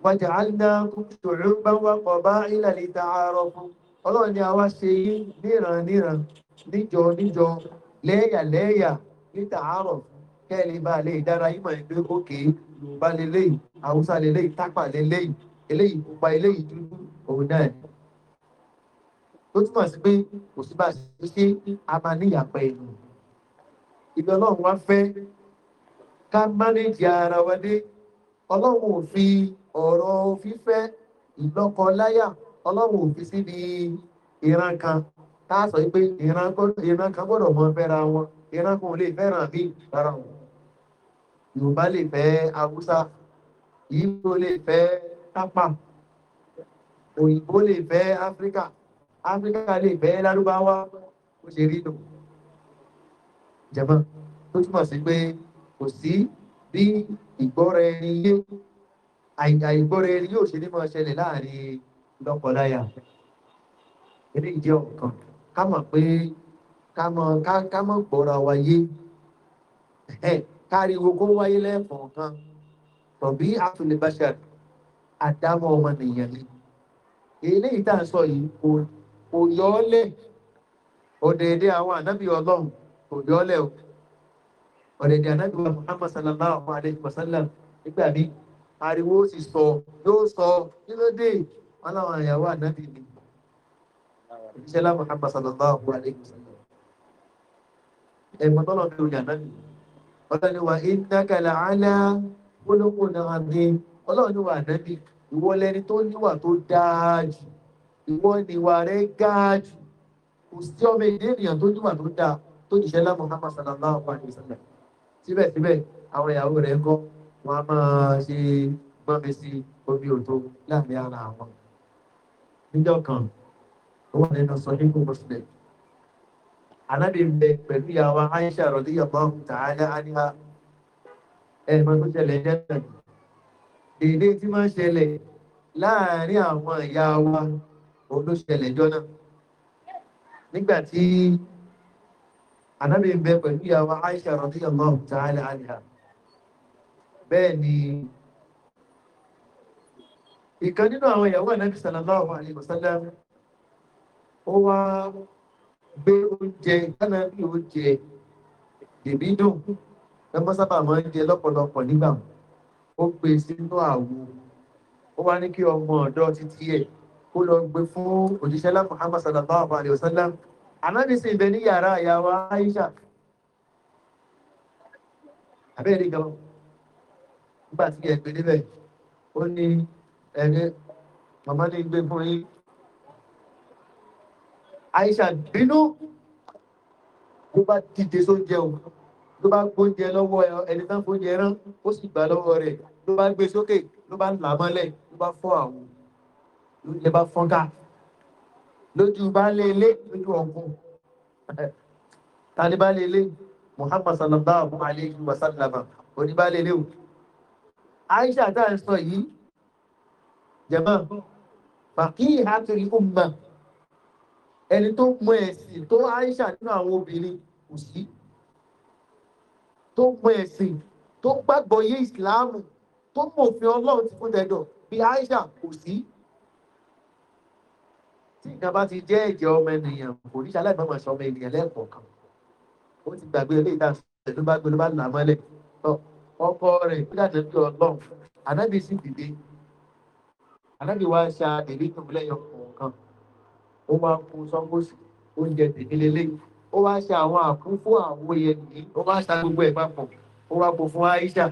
wàjàálìnákùn ṣòrùnbá wàpọ̀ bá ìlàlẹ̀ ìtààrọ̀ fún ọlọ́run ni a wá ṣe yí níran níran níjọ níjọ lẹ́yà lẹ́yà nítààrọ̀ kẹ́lẹ̀ bá lè dára yíma ẹgbẹ́ òkè yorùbá lélẹ́yìn haúsá lélẹ́yìn tápà lélẹ́yìn eléyìí pupa eléyìí dúdú òun náà ni tó túmọ̀ sí pé kò sí bá a ṣe ṣe a máa níyàpẹ́ ẹnu ìlú ọlọ́run wá fẹ́ ká mánéjì ara wa ọlọ́run ò fi ọ̀rọ̀ fífẹ́ ìlọ́kọláyà ọlọ́run òfin síbi ìran kan táàsọ pé ìran kan gbọ́dọ̀ mọ fẹ́ra wọn ìran kan ò lè fẹ́ràn bí rárá wọn yorùbá lè fẹ́ haúsá ìgbò lè fẹ́ tápà òyìnbó lè fẹ́ áfíríkà áfíríkà lè fẹ́ lárúbáwá ó ṣe rí nù jẹmọ́ tó túmọ̀ bí ìgbọ́ra ẹni yé àìgbọ́ra ẹni yóò ṣe ní mọ́ ṣẹlẹ̀ láàrin lọ́kọláya eré ìjẹ́ ọ̀kan ká mọ̀ pé ká mọ̀ gbọ́ra wáyé káriwo kó wáyé lẹ́ẹ̀kọ̀ọ̀kan tọ̀bí àtúnlẹ̀báṣà àdámọ́ ọmọ nìyẹn ni ilé ìta sọ yìí kò yọ́ọ́lẹ̀ ọ̀dẹ̀ẹ̀dẹ̀ àwọn ànábì ọlọ́run kò yọ́ọ́lẹ̀ ọ̀dẹ̀ẹ̀dẹ̀ ànábì wa muhammad sallallahu alayhi wa sallam nígbà ariwo sì sọ yóò sọ kí ló dé wọn láwọn àyàwó ànábì ni ìṣẹ́ láwọn àgbàsàlọ́gbà ọ̀hún àlejò ẹ̀gbọ́n tọ́lọ̀ ní orí ànábì ọlọ́run ni wà ìdákàlà àlá gbólóhùn náà ní ọlọ́run ni wà ànábì ìwọ lẹni tó níwà tó dáa jù ìwọ níwà rẹ gáà jù kò sí ọmọ èdè ènìyàn tó níwà tó dáa tó jìṣẹ́ láwọn àgbàsàlọ́gbà ọ̀hún àlejò síbẹ̀síbẹ̀ àwọn ìyàwó rẹ̀ ń kọ́ wọ́n á máa ṣe gbọ́nmi sí omi òtó láàrin ara àwọn níjọ́ kan ó wà nínú sọ hígùn muslim anábì ń bẹ pẹ̀lú ìyàwó aisha rọ̀lẹ́yà bọ́ọ̀hún tààlà àníhà ẹ̀ mọ́ tó ṣẹlẹ̀ jẹ́ nàìjíríà èdè tí máa ṣẹlẹ̀ láàrin àwọn ìyá wa òun jọ́nà nígbà tí anábì ń pẹ̀lú ìyàwó aisha rọ̀lẹ́yà bọ́ọ̀hún àníhà bẹ́ẹ̀ ni ìkan nínú àwọn ìyàwó ànábì sallallahu alaihi wasallam ó wá gbé oúnjẹ ìdáná bí oúnjẹ dèbí dùn lọ́mọ sábà máa ń jẹ lọ́pọ̀lọpọ̀ nígbà ó gbé sínú àwo ó wá ní kí ọmọ ọ̀dọ́ títí ẹ̀ kó lọ gbé fún òjíṣẹ́ lá Muhammad sallallahu alaihi wasallam ànábì sì bẹ ní yàrá ìyàwó Aisha abẹ́rẹ́ gan nígbà tí ẹ gbé débẹ̀ ó ní ẹni màmá ní gbé fún yín àìsà bínú ló bá dìde sóúnjẹ o ló bá gbóúnjẹ lọ́wọ́ ẹni tán gbóúnjẹ rán ó sì gbà lọ́wọ́ rẹ̀ ló bá gbé sókè ló bá là mọ́lẹ̀ ló bá fọ́ àwọn lóúnjẹ bá fọ́nká lójú bá lé ilé lójú ọkùn tani bá lé ilé muhammad sallallahu alayhi wa sallam oní bá lé ilé aisha tá à ń sọ yìí jẹ̀mọ́ bàkí ìhàkiri ọmọ ẹni tó mọ ẹ̀sìn tó aisha nínú àwọn obìnrin kò sí tó mọ ẹ̀sìn tó gbàgbọ́ yé ìsìláàmù tó mọ̀fin ọlọ́run ti fún dẹ̀dọ̀ bí aisha kò sí tí nǹkan bá ti jẹ́ ẹ̀jẹ̀ ọmọ ènìyàn kò ní ṣaláì máa sọ ènìyàn lẹ́ẹ̀kọ̀ọ̀kan ó ti gbàgbé ilé ìdásílẹ̀ ló bá gbé ló bá là mọ́lẹ̀ ọkọ rẹ̀ tó jáde bí ọlọ́run ànábì sì dìde ànábì wá ṣa èrí tó lẹ́yọ kọ̀ọ̀kan ó máa ń kó sọ́ngọ́sì oúnjẹ tèmílélé ó wá ṣe àwọn àkúnfó àwọn yẹn nìyí ó wá ṣa gbogbo ẹ̀ papọ̀ ó wá kó fún aisha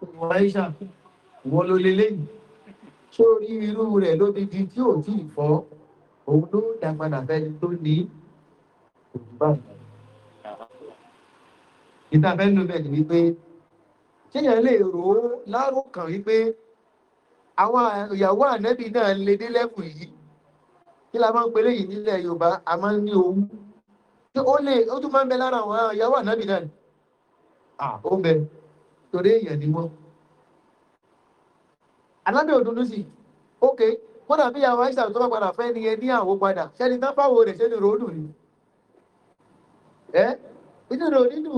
fún aisha wọn ló lélẹ́yìn sórí irú rẹ̀ ló di tí ò tí ì fọ́ òun ló dàgbàdà fẹ́ni tó ní òdùbà. ìtàfẹ́ ló bẹ̀ ni wípé kíyàn lè rò ó lárò kàn wípé àwọn ìyàwó ànẹ́bí náà lè dé lẹ́kùn yìí kí la máa ń pelé yìí nílẹ̀ yorùbá a máa ń ní owó tí ó lè ó tún máa ń bẹ lára àwọn ìyàwó ànẹ́bí náà ni ó bẹ torí èèyàn ni wọ́n alábẹ́ òdúdú sí ókè kódà bí àwọn àìsàn tó bá padà fẹ́ ni ẹ ní àwọn padà sẹ́ni tán fáwọn rẹ̀ sẹ́ni ròódù ni ẹ́ ìdúró nínú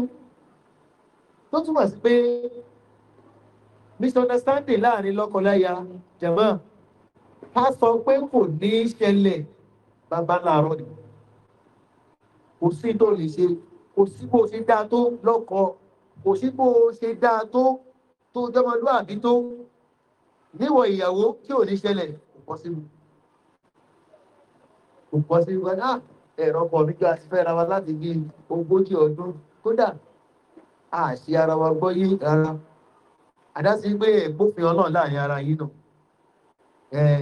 tó túmọ̀ sí pé misunderstanding láàrin lọ́kọláya jẹ̀mọ́ ká sọ pé kò ní ṣẹlẹ̀ bàbá làárọ̀ ni kò sí tó lè ṣe kò sí bó ṣe dáa tó lọ́kọ kò sí bó ṣe dáa tó tó jọmọlúàbí tó níwọ̀ ìyàwó tí ò ní ṣẹlẹ̀ kò pọ̀ sí mi kò pọ̀ sí mi wọn ah, ẹ̀rọ ọkọ̀ mi gbà ti fẹ́ wa láti bí ogójì ọdún kódà àṣì ara wa gbọ́ yí rárá àdásí pé ẹ̀gbófin ọlọ́run láàrin ara yìí nù ẹ̀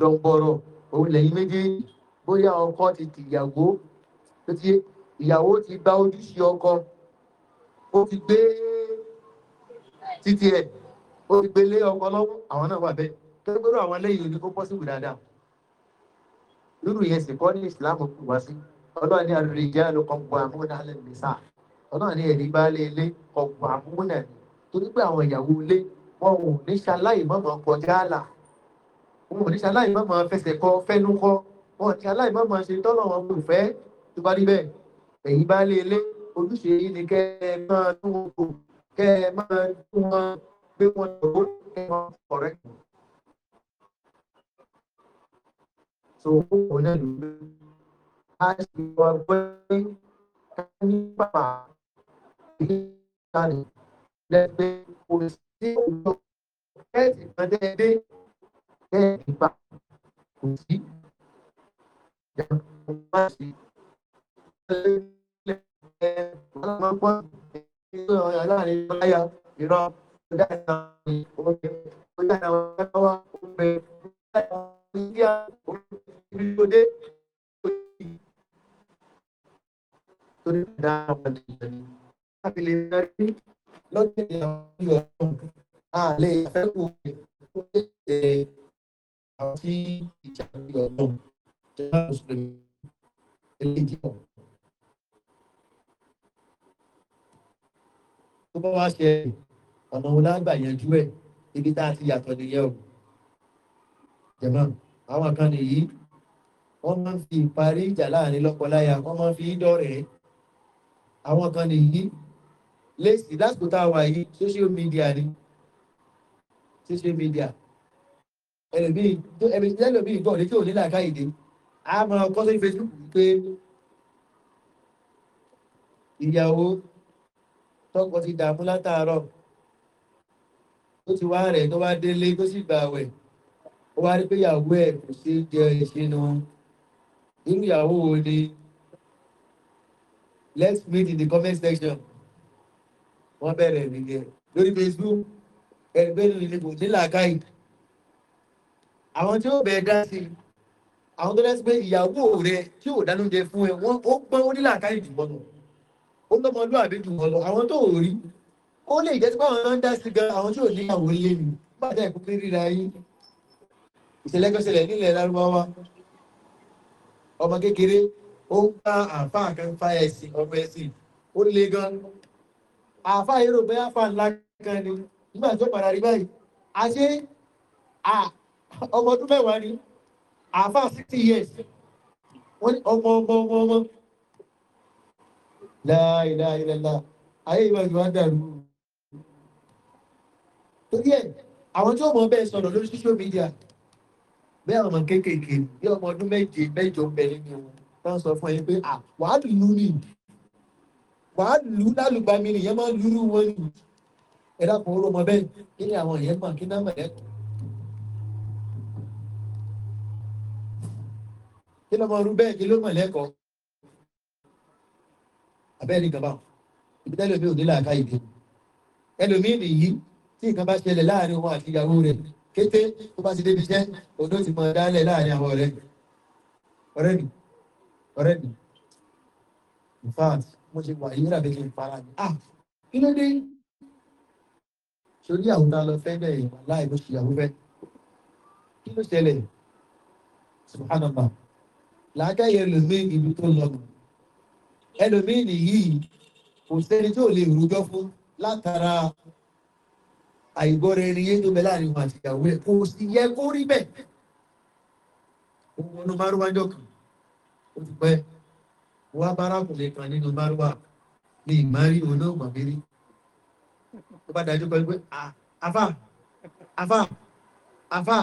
dọ̀gbọ̀rọ̀ òun lẹ́yìn méjèèjì bóyá ọkọ ti tìyàwó tó ti ìyàwó ti gba ojúṣe ọkọ ó ti gbé títí ẹ̀ ó ti gbé lé ọkọ lọ́wọ́ àwọn náà wà bẹ́ẹ̀ tó gbọ́dọ̀ àwọn lẹ́yìn ní kó pọ́sibù dáadáa lúrù yẹn sì kọ́ ní ìsìlámù wá sí ọlọ́run ní àrùn ìjà ló gbọ́ àmúhùn alẹ́ nìsáà ọ̀nà ni ẹ̀rí bá lé ilé ọgbà múnà ni torí pé àwọn ìyàwó ilé wọn ò ní ṣaláì mọ̀mọ́ kọjá àlà wọn ò ní ṣaláì mọ̀mọ́ fẹsẹ̀ kọ fẹ́nu kọ wọn ò ní ṣaláì mọ̀mọ́ ṣe tọ́lọ̀ wọn kò fẹ́ tó bá rí bẹ́ẹ̀ ẹ̀yìn bá lé ilé ojúṣe yìí ni kẹ́ ẹ máa dún wọn kò kẹ́ ẹ máa dún wọn gbé wọn lọ́wọ́ kẹ́ wọn kọ̀rẹ́ so òun náà ló ń bá a ṣe wọn gbé ká ní pàpà ìjọba ni lẹ́gbẹ́ kò sí òwúrọ̀ kẹ́ẹ̀sì kan dẹ́gbẹ́ kẹ́ẹ̀sì pa kò sí ìjọba má sí láàrin ọláyà ìrọ ọjà ìta ọjà ìta wà ọmọ ìgbà ìgbìlódé torí ìdáhùn láti lè rí lọ́jọ́ ìyàwó a lè fẹ́kù tó lè ṣe àwọn tí ìjàmbí ọ̀hún jẹ́rọ mùsùlùmí eléjì ọ̀hún. tó bá wá ṣe ọ̀nà wo lágbà yanjú ẹ̀ ibi tá a ti yàtọ̀ nìyẹn o jẹ̀mọ́ àwọn kan nìyí wọ́n máa ń fi ìparí ìjà láàrin lọ́pọ̀láyà wọ́n máa ń fi í àwọn kan nìyí lẹ́sì That's what I want. yìí social media ni social media ẹlòmíì ẹlòmíì gbọ́ létí òní làákà ìdè a máa kọ́ sórí facebook pé ìyàwó tọkọ ti dààmú látàárọ̀ tó ti wá rẹ̀ tó wá délé tó sì gbà wẹ̀ ó wá rí pé ìyàwó ẹ̀ kò sí jẹ ìṣinu irú ìyàwó wo ni let's meet in the comment section wọ́n bẹ̀rẹ̀ nìyẹn lórí facebook ẹgbẹ́ ìlú ni kò nílà káyì àwọn tí ó bẹ̀ẹ́ dá sí àwọn tó lẹ́sí pé ìyàwó rẹ tí ò dánú jẹ fún ẹ wọ́n ó pọ́n ó nílà káyì jù wọ́n lọ ó lọ́mọ ọdún àbí jù wọ́n lọ àwọn tó ò rí ó lè jẹ́ sípò àwọn ń dá sí gan àwọn tí ò ní àwọn ilé mi bàtà ẹ̀kú pé ríra yín ìṣẹ̀lẹ̀ kọ́sẹ̀lẹ̀ nílẹ̀ lárúbáwá ọmọ kékeré ó ń bá àǹfààní kan fáyẹ̀sì ọmọ ẹ̀sìn ó le gan àfá èrò bẹ́ àfá ńlá kan ni nígbà tó padà rí báyìí a ṣe ọmọ ọdún mẹ́wàá ni àfá 60 years wọ́n ni ọmọ ọmọ ọmọ ọmọ láìláìlẹ́lá ayé ìwà ìwà dàrú torí ẹ̀ àwọn tí ó mọ̀ bẹ́ẹ̀ sọ̀rọ̀ lórí social media bẹ́ẹ̀ ọmọ kéékèèké bí ọmọ ọdún méje mẹ́jọ bẹ̀rẹ̀ ni wọ́n sọ fún ẹni pé àwọn àdùnnú nìyí wàá lù lálùgbàmí nìyẹn máa lúrú wọn lù ẹ̀dá kan ó lọ́mọ bẹ́ẹ̀ kí ni àwọn ìyẹn mọ̀ kí náà mọ̀ lẹ́kọ̀ọ́. kí ló mọ̀ ọdún bẹ́ẹ̀ kí ló mọ̀ lẹ́kọ̀ọ́. abẹ́rẹ́ nìkan bá ibi tẹ́lẹ̀ mi ò ní làákà ìdí ẹlòmíì nìyí tí nǹkan bá ṣẹlẹ̀ láàrin òun àti ìyàwó rẹ̀ kété tó bá ti débi iṣẹ́ odó ti mọ dálẹ̀ láàrin àwọn ọ̀rẹ́ ọ̀rẹ́ nì ọ̀rẹ́ nì in fact mo ti wà yíra bí kí n para ah kí ló dé sórí àwọn tá a lọ fẹ́ bẹ́ẹ̀ ìwà láì ló ṣe ìyàwó fẹ́ kí ló ṣẹlẹ̀ subhanallah làákàyè ẹlòmíì ibi tó lọ́nà ẹlòmíì nìyí kò sẹ́ni tó lè rújọ́ fún látara àìgbọ́ra ẹni yé tó bẹ láàrin wọn àti ìyàwó ẹ̀ kò sì yẹ kó rí bẹ́ẹ̀ òun ọdún márùn-ún wájọ́ kan ó ti pẹ́ wá bárakùnrin kan nínú márùwà ní ìmárí òun náà mọ̀bírí ó bá dájú pẹ̀lú pé afá afá afá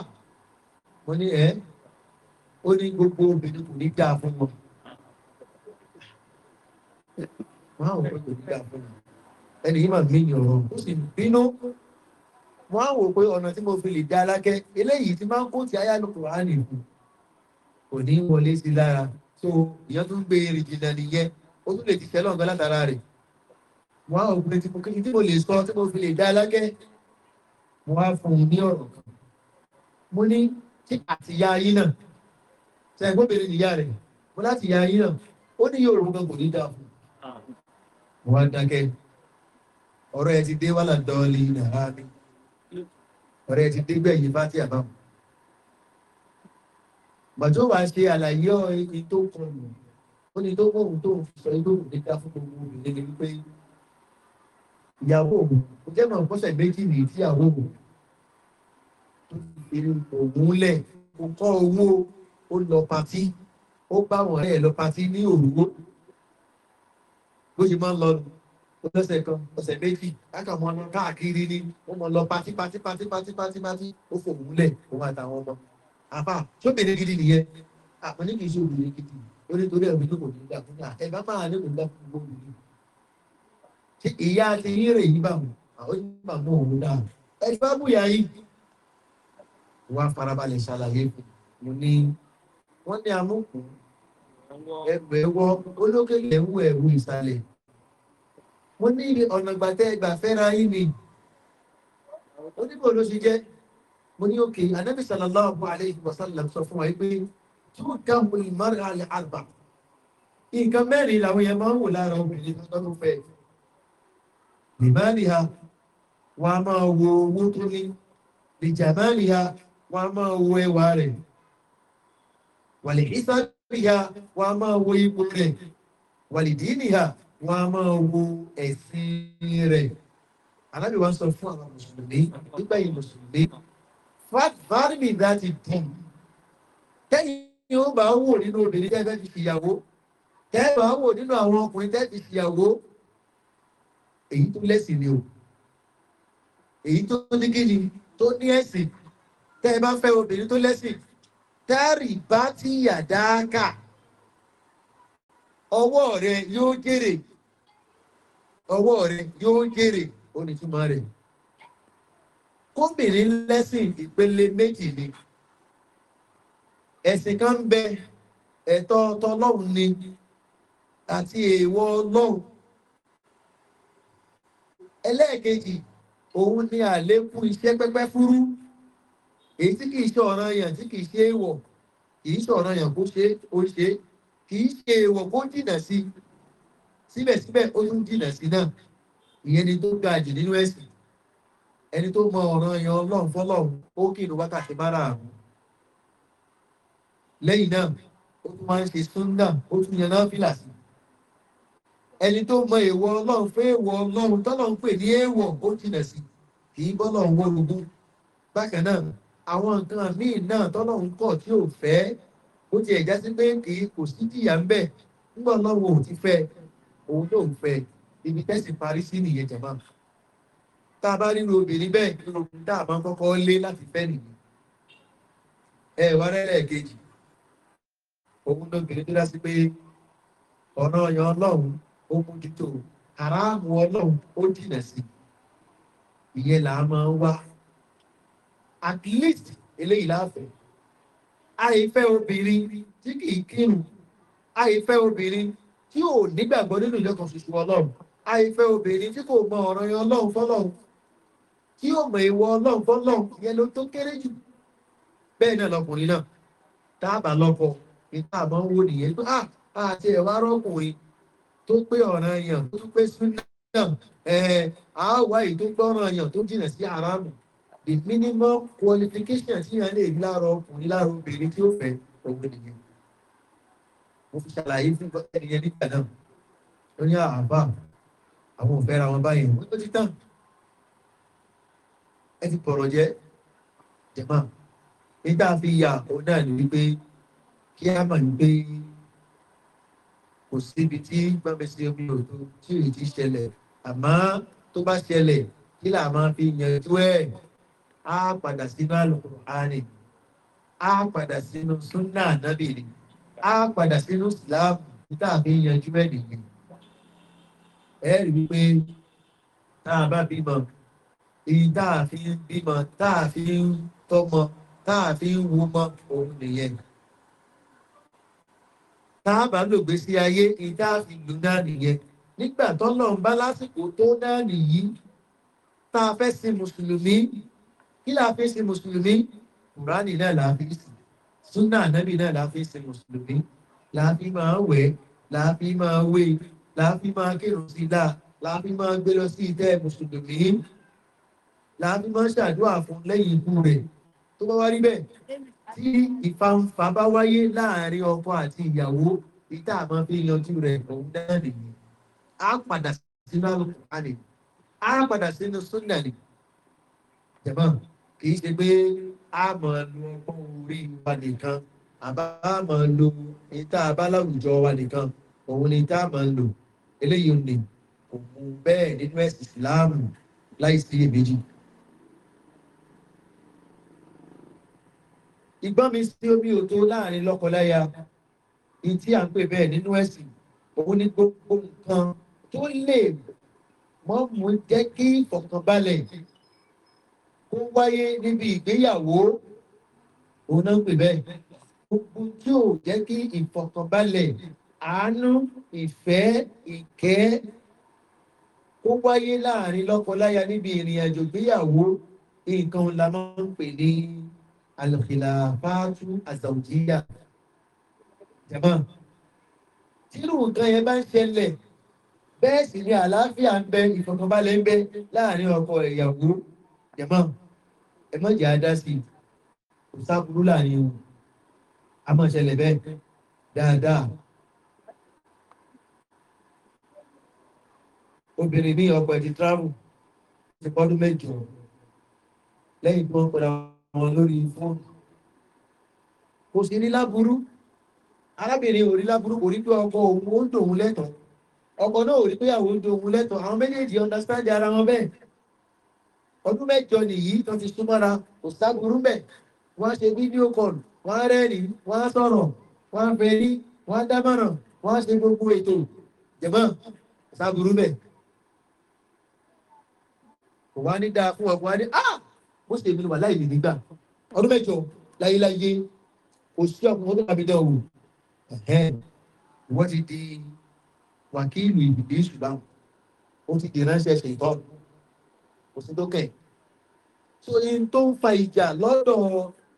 mo ní ẹ́ ó ní gbogbo obìnrin kò ní dáa fún wọn wọn àwọn pé kò ní dáa fún wọn ẹni yìí máa mímì ọ̀rọ̀ ó sì bínú wọn á wò pé ọ̀nà tí mo fi lè dá alákẹ́ eléyìí ti máa ń kó ti ayálòkùnrin àánì kò ní wọlé sí lára so ìyẹn tún gbé èrè jìnnà nìyẹn ó tún lè ti tẹ́lọ̀ nǹkan látara rẹ̀ wá òpin tí mo kí tí mo lè sọ tí mo fi lè dá lágẹ́ mo wá fún un ní ọ̀rọ̀ kan mo ní tí àti ya ayé náà ṣe ìgbóbìnrin nìyá rẹ̀ mo láti ya ayé náà ó ní yóò kan kò ní dáa fún mo wá dákẹ́ ọ̀rọ̀ ẹ ti dé wàhálà dọ́ọ̀lì nàá mi ọ̀rọ̀ ẹ ti dé gbẹ̀yìn bá àbámu gbàtí ó wá ṣe àlàyé ọ̀rẹ́ tó kàn mí ó ní tó kàn tó sọ inú òun ní ká fún gbogbo obìnrin ni wípé ìyàwó òun kò jẹ́ mọ̀ fọ́sẹ̀ méjì nìyí tí ìyàwó òun tó fi òun lẹ̀ kò kọ́ owó ó lọ patí ó bá wọn rẹ̀ lọ patí ní òrùwó bó ṣe máa ń lọ lọ́sẹ̀ kan ọ̀sẹ̀ méjì káàkiri ni wọ́n mọ̀ lọ patí patí patí patí patí ó fòun lẹ̀ òun àtàwọn ọmọ àbá tó bèrè gidi nìyẹn àmọ́ ní kìí ṣe obìnrin gidi ó ní torí ẹ̀mí kò ní gbà fún náà ẹ bá máa ní kò ní gbà fún gbogbo obìnrin tí ìyá ti yín rè yí bàmù àwọn yìí bàmù òun náà ẹni bá bùyà yìí wá farabalẹ̀ ṣàlàyé mo ní wọ́n ní amúkù ẹgbẹ́ wọ olókèlè ń wọ ẹ̀wù ìsàlẹ̀ mo ní ọ̀nà gbàtẹ́ gbàfẹ́ra yìí ni oníbò ló ṣe jẹ́ mo ní òkè anábì sallallahu alayhi wa sallam sọ fún wa pé tó dáhùn ìmọ̀ràn alẹ́ àgbà nǹkan mẹ́rin làwọn yẹn máa ń wò lára obìnrin tó tọ́lú fẹ́ ìbáàlìyà wà máa wo owó tó ní ìjàmáàlìyà wà máa wo ẹwà rẹ̀ wàlẹ̀ ìsáàlìyà wà máa wo ipò rẹ̀ wàlẹ̀ wà máa wo ẹ̀sìn rẹ̀ alábìwá sọ fún àwọn mùsùlùmí nígbà yìí mùsùlùmí fàtbárìbì láti dùn tẹ́yìn ó bá wò nínú obìnrin tẹ́ fẹ́ fi ṣìyàwó tẹ́ bá wò nínú àwọn ọkùnrin tẹ́ fi ṣìyàwó èyí tó lẹ́sìn ni o èyí tó ní kíni tó ní ẹ̀sìn tẹ́ bá fẹ́ obìnrin tó lẹ́sìn tẹ́rì bá ti yà dáákà ọwọ́ rẹ yóò jèrè ọwọ́ rẹ yóò jèrè ó rẹ̀ kóbìnrin lẹ́sìn ìpele méjì ni ẹ̀sìn kan ń bẹ ẹ̀tọ́ tọlọ́run ni àti èèwọ̀ ọlọ́run ẹlẹ́ẹ̀kejì òun ni àlékún iṣẹ́ pẹ́pẹ́ fúrú èyí tí kìí ṣe ọ̀ràn yàn tí kìí ṣe èèwọ̀ kìí ṣe ọ̀ràn yàn kó ṣe ó ṣe kìí ṣe èèwọ̀ kó jìnà sí síbẹ̀síbẹ̀ ó tún jìnà sí náà ìyẹn ni tó ga jù nínú ẹ̀sìn ẹni tó mọ ọ̀ràn yan ọlọ́run fọlọ́run ó kìlọ̀ wákàtí bára àrùn lẹ́yìn náà ó tún máa ń ṣe sundan ó tún yan náà fìlà sí ẹni tó mọ èèwọ̀ ọlọ́run fẹ́ èèwọ̀ ọlọ́run tọ́lọ́run pè ní èèwọ̀ ó jìnà sí kì í bọ́lọ́run wórogún bákan náà àwọn nǹkan míì náà tọ́lọ́run kọ̀ tí ò fẹ́ ó ti ẹ̀já sí pé kì í kò sí jìyà ń bẹ̀ nígbà ọlọ́run ò ti fẹ́ òun ló fẹ́ ibi tẹ́sí parí sí nìyẹn jẹ̀máà tá a bá ríro obìnrin bẹ́ẹ̀ ní ogun tá a máa kọ́kọ́ lé láti fẹ́ nìyí ẹ wá rẹ́rẹ́ kejì òun lóbìnrin tó dá sí pé ọ̀nà ọyàn ọlọ́run ó mójútó aráàmù ọlọ́run ó jìnà sí ìyẹn là á máa ń wá at least eléyìí láàfẹ́ àìfẹ́ obìnrin tí kì í kírun àìfẹ́ obìnrin tí ò nígbàgbọ́ nínú ìjọkan ṣoṣo ọlọ́run àìfẹ́ obìnrin tí kò mọ ọ̀rọ̀ yan ọlọ́run fọlọ́run tí ó mọ̀ ìwọ ọlọ́run fọ́lọ́run ìyẹn ló tó kéré jù bẹ́ẹ̀ náà lọkùnrin náà táàbà lọ́kọ̀ ìta àmọ́ ń wò nìyẹn pé à ah, àti ẹ̀wá rọ́kùnrin tó pé ọ̀ràn èèyàn tó tún pé súnà àáwá ìdúgbọ́ràn èèyàn tó jìnà sí aráàmù the minimum qualification tí yẹn lè rí lára ọkùnrin lára obìnrin tí ó fẹ́ òun nìyẹn mo fi ṣàlàyé fún ẹnìyẹn nígbà náà lórí ah, àbá àwọn òfẹ́ra wọn báyìí wọ́n tó ti tán ẹ ti pọ̀rọ̀ jẹ́ jẹ̀mọ́ nígbà fi ya òun náà ni wípé kí á mọ̀ wípé kò síbi tí gbọ́nbẹ̀sí omi òdo tí ì ti ṣẹlẹ̀ àmọ́ tó bá ṣẹlẹ̀ kí là máa fi yanjú ẹ̀ á padà sínú àlùkò àárín á padà sínú súnà nábì ni á padà sínú ìsìláàmù nígbà fi yanjú ẹ̀ nìyí ẹ̀ rí wípé tá a bá bímọ èyí tá a fi ń bímọ tá a fi ń tọmọ tá a fi ń wúmọ òun nìyẹn tá a bá lògbé sí ayé èyí tá a fi lù náà nìyẹn nígbà tọ́lọ̀ ń bá lásìkò tó náà nìyí tá a fẹ́ sí mùsùlùmí kí la fi sí mùsùlùmí kùránì náà la fi sí súnà ànábì náà la fi sí mùsùlùmí la fi máa wẹ̀ la fi máa wé la fi máa kírun sí i la la fi máa gbé lọ sí ìtẹ́ mùsùlùmí láàbí máa ń ṣàdúrà fún lẹ́yìn ikú rẹ̀ tó bá wá rí bẹ́ẹ̀ tí ìfanfà bá wáyé láàrin ọkọ àti ìyàwó ìta àmọ́ fi yanjú rẹ̀ òun náà nìyí á padà sínú àlùkùnrin á padà sínú súnà ni jẹ̀mọ́ kì í ṣe pé á máa lo ọgbọ́n orí wa nìkan àbá máa lo ìta abáláwùjọ wa nìkan òun ni ìta máa lò eléyìí ni òun bẹ́ẹ̀ nínú ẹ̀sìn ìsìláàmù láì sí èméjì. ìgbọ́n mi sí omi òtó láàrin lọ́kọláya ìtí à ń pè bẹ́ẹ̀ nínú ẹ̀sìn òun ni gbogbo nǹkan tó lè mọ́ mú jẹ́ kí ìfọ̀kànbalẹ̀ kó wáyé níbi ìgbéyàwó òun náà ń pè bẹ́ẹ̀ gbogbo tí ò jẹ́ kí ìfọ̀kànbalẹ̀ àánú ìfẹ́ ìkẹ́ ó wáyé láàrin lọ́kọláya níbi ìrìn àjò ìgbéyàwó nǹkan la máa ń pè ní alìkìlàfáàtú àzàwùjíyà jẹ̀mọ́ tírù nǹkan yẹn bá ń ṣẹlẹ̀ bẹ́ẹ̀ sì ni àlàáfíà ń bẹ ìfọ̀kànbalẹ̀ ń bẹ láàrin ọkọ ìyàwó jẹ̀mọ́ ẹmọ́jẹ̀ adásí kò sáburú láàrin ohun a máa ṣẹlẹ̀ bẹ́ẹ̀ dáadáa obìnrin ní ọkọ̀ ẹ̀ ti travel ti pọ́dún mẹ́jọ lẹ́yìn tí wọ́n padà wọn lórí fóònù kò sí ní láburú arábìnrin ò rí láburú kò rí pé ọkọ òun ó ń dòun lẹ́tọ̀ọ́ ọkọ náà ò rí pé àwọn oúnjẹ òun lẹ́tọ̀ọ́ àwọn méjèèjì understand ara wọn bẹ́ẹ̀ ọdún mẹ́jọ nìyí tó ti súnmọ́ra kò sáàgùrú bẹ̀ wọ́n ṣe fídíò kọlù wọ́n rẹ́rìn wọ́n sọ̀rọ̀ wọ́n fẹ́rí wọ́n dámọ̀ràn wọ́n ṣe gbogbo ètò jẹ̀mọ́ sáàgùrú bẹ̀ kò wá ní dáa fún ọkùnrin ah bó ṣe èmi wà láì lè nígbà ọdún mẹ́jọ láyéláyé kò sí ọkùnrin tó dàbí o wọ́n ti di wàkíìlù ìbìdí ṣùgbọ́n ó ti di ránṣẹ́ ṣe ìtọ́ kò sí tó kẹ̀. so in tó ń fa ìjà lọ́dọ̀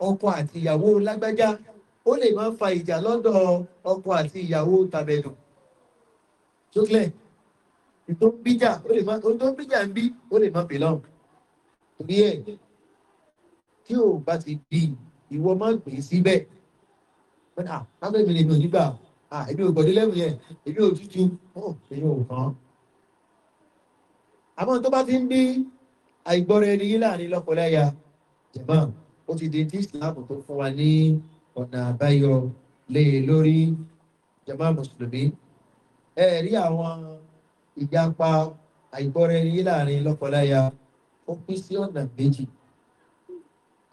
ọkọ àti ìyàwó lágbájá ó lè máa ń fa ìjà lọ́dọ̀ ọkọ àti ìyàwó tàbẹ̀dùn ṣókìlẹ̀ ìtò ń bíjà ó lè máa ń bí ó lè máa bèlọ́ọ̀ torí ẹ̀ tí ò bá ti di ìwọ máa ń pè é síbẹ̀ lábẹ́ mi lèmi ò nígbà èmi ò gbọ̀dé lẹ́mìí yẹn èmi ò tútù èmi ò kàn. àmọ́ tó bá ti ń bí àìgbọ́ra ẹni yìí láàrin lọ́kọ̀ọ́láyà jẹ̀mọ́ ó ti di tí ìsìláàmù tó fún wa ní ọ̀nà àbáyọ lé e lórí jẹ̀mọ́ mùsùlùmí ẹ rí àwọn ìjàpá àìgbọ́ra ẹni yìí láàrin lọ́kọ̀ọ́láyà ó pín sí ọ̀nà méjì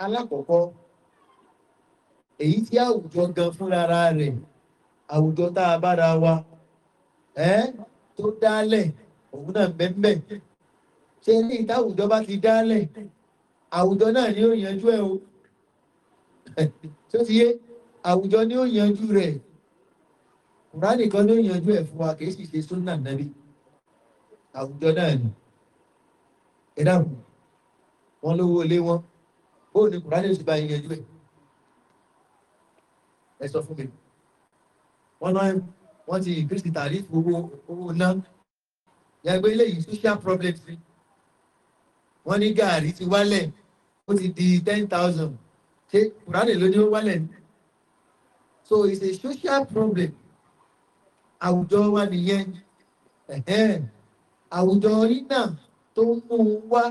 alákọ̀ọ́kọ́ èyí tí àwùjọ gan fúnra rẹ̀ àwùjọ tá a bára wa ẹ́ tó dálẹ̀ òun náà bẹ́ẹ̀ ṣe ní ìtàwùjọ bá ti dálẹ̀ àwùjọ náà ni ó yanjú ẹ̀ o tó ti yé àwùjọ ni ó yanjú rẹ̀ kùránì kan ló yanjú ẹ̀ fún wa kìí sì ṣe súnà nàbí àwùjọ náà ni ẹ̀dàkùn wọn lówó ilé wọn bó ni kùránì ti bá iye júwẹ̀ ẹ sọ fún mi wọ́n náà wọ́n ti increase the tariff owó owó ná yàgbé eléyìí social problem. ni wọ́n ní gàárì ti wálẹ̀ ó ti di ten thousand ṣé kùránì ló ní ó wálẹ̀ ni so it's a social problem àwùjọ wa nìyẹn àwùjọ orí náà tó ń mú un wá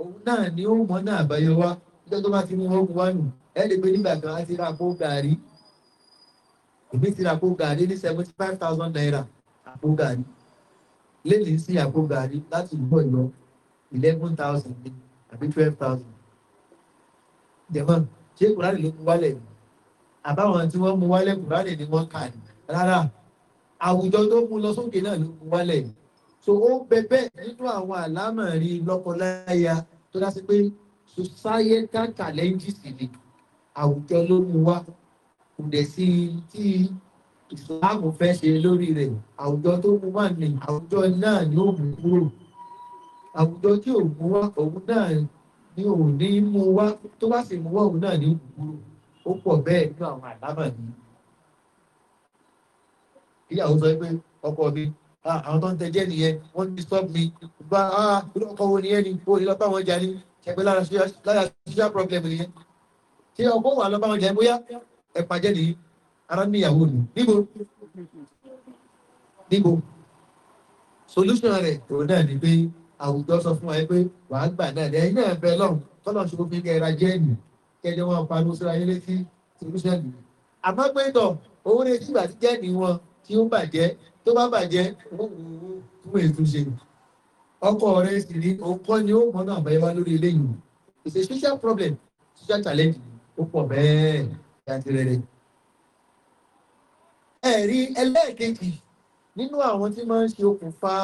òun náà ni ó mọ náà àbáyọ wá ìjọ tó máa ti mú ogun wá nù ẹ lè pe nígbà kan á ti gàrí èmi ti ra gàrí ní seventy five thousand naira àpò gàrí lẹ́yìn sí àpò gàrí láti ìlú ọ̀yọ́ eleven thousand ní àbí twelve thousand. jẹ̀mọ́ ṣé kùránì ló mú wálẹ̀ ni àbáwọn tí wọ́n mú wálẹ̀ kùránì ni wọ́n kà ní rárá àwùjọ tó mú lọ sókè náà ló mú wálẹ̀ ni. so ó bẹ bẹ́ẹ̀ nínú àwọn àlámọ̀rí lọ́kọláya tó dá sí pé societal challenges ni àwùjọ ló mú wá kò dẹ̀ sí tí ìsìláàmù fẹ́ ṣe lórí rẹ̀ àwùjọ tó mú wá ní àwùjọ náà ni ó mú kúrò àwùjọ tí ò mú wá òun náà ni ò ní mú wá tó bá sì mú wá òun náà ni ó mú kúrò ó pọ̀ bẹ́ẹ̀ nínú àwọn àlámà ni. ìyàwó sọ pé ọkọ mi ah, àwọn tó ń tẹjẹ́ nìyẹn wọ́n ti stop mi bá ah, ọkọ̀ wo nìyẹn ni ó ní lọ bá wọn jà ní ṣẹgbẹ́ lára social problem yẹn tí ọkọ̀ wà lọ́ba wọn jẹ́ bóyá ẹ̀pà jẹ́ nìyí ara níyàwó ni níbo níbo solution rẹ̀ òun náà ni pé àwùjọ sọ fún wa pé wàá gbà náà ní ẹ̀yin náà bẹ lọ́run tọ́lọ̀ ṣe gbogbo ẹ̀ra jẹ́ ẹ̀yìn kẹjọ wọn pariwo síra yín létí solution yìí àmọ́ pé tọ̀ owó retí ìgbà tí jẹ́ ẹ̀yìn wọn tí ó bàjẹ́ tó bá bàjẹ́ wọ́n wù ú fún ètò ìṣèlú ọkọ rẹ sì ní ọkọ ni ó mọ́nà àbáyé wá lórí eléyìí it's a social problem social challenge ó pọ̀ bẹ́ẹ̀ yantirẹrẹ. ẹ̀rí ẹlẹ́ẹ̀kejì nínú àwọn tí máa ń ṣe okùnfà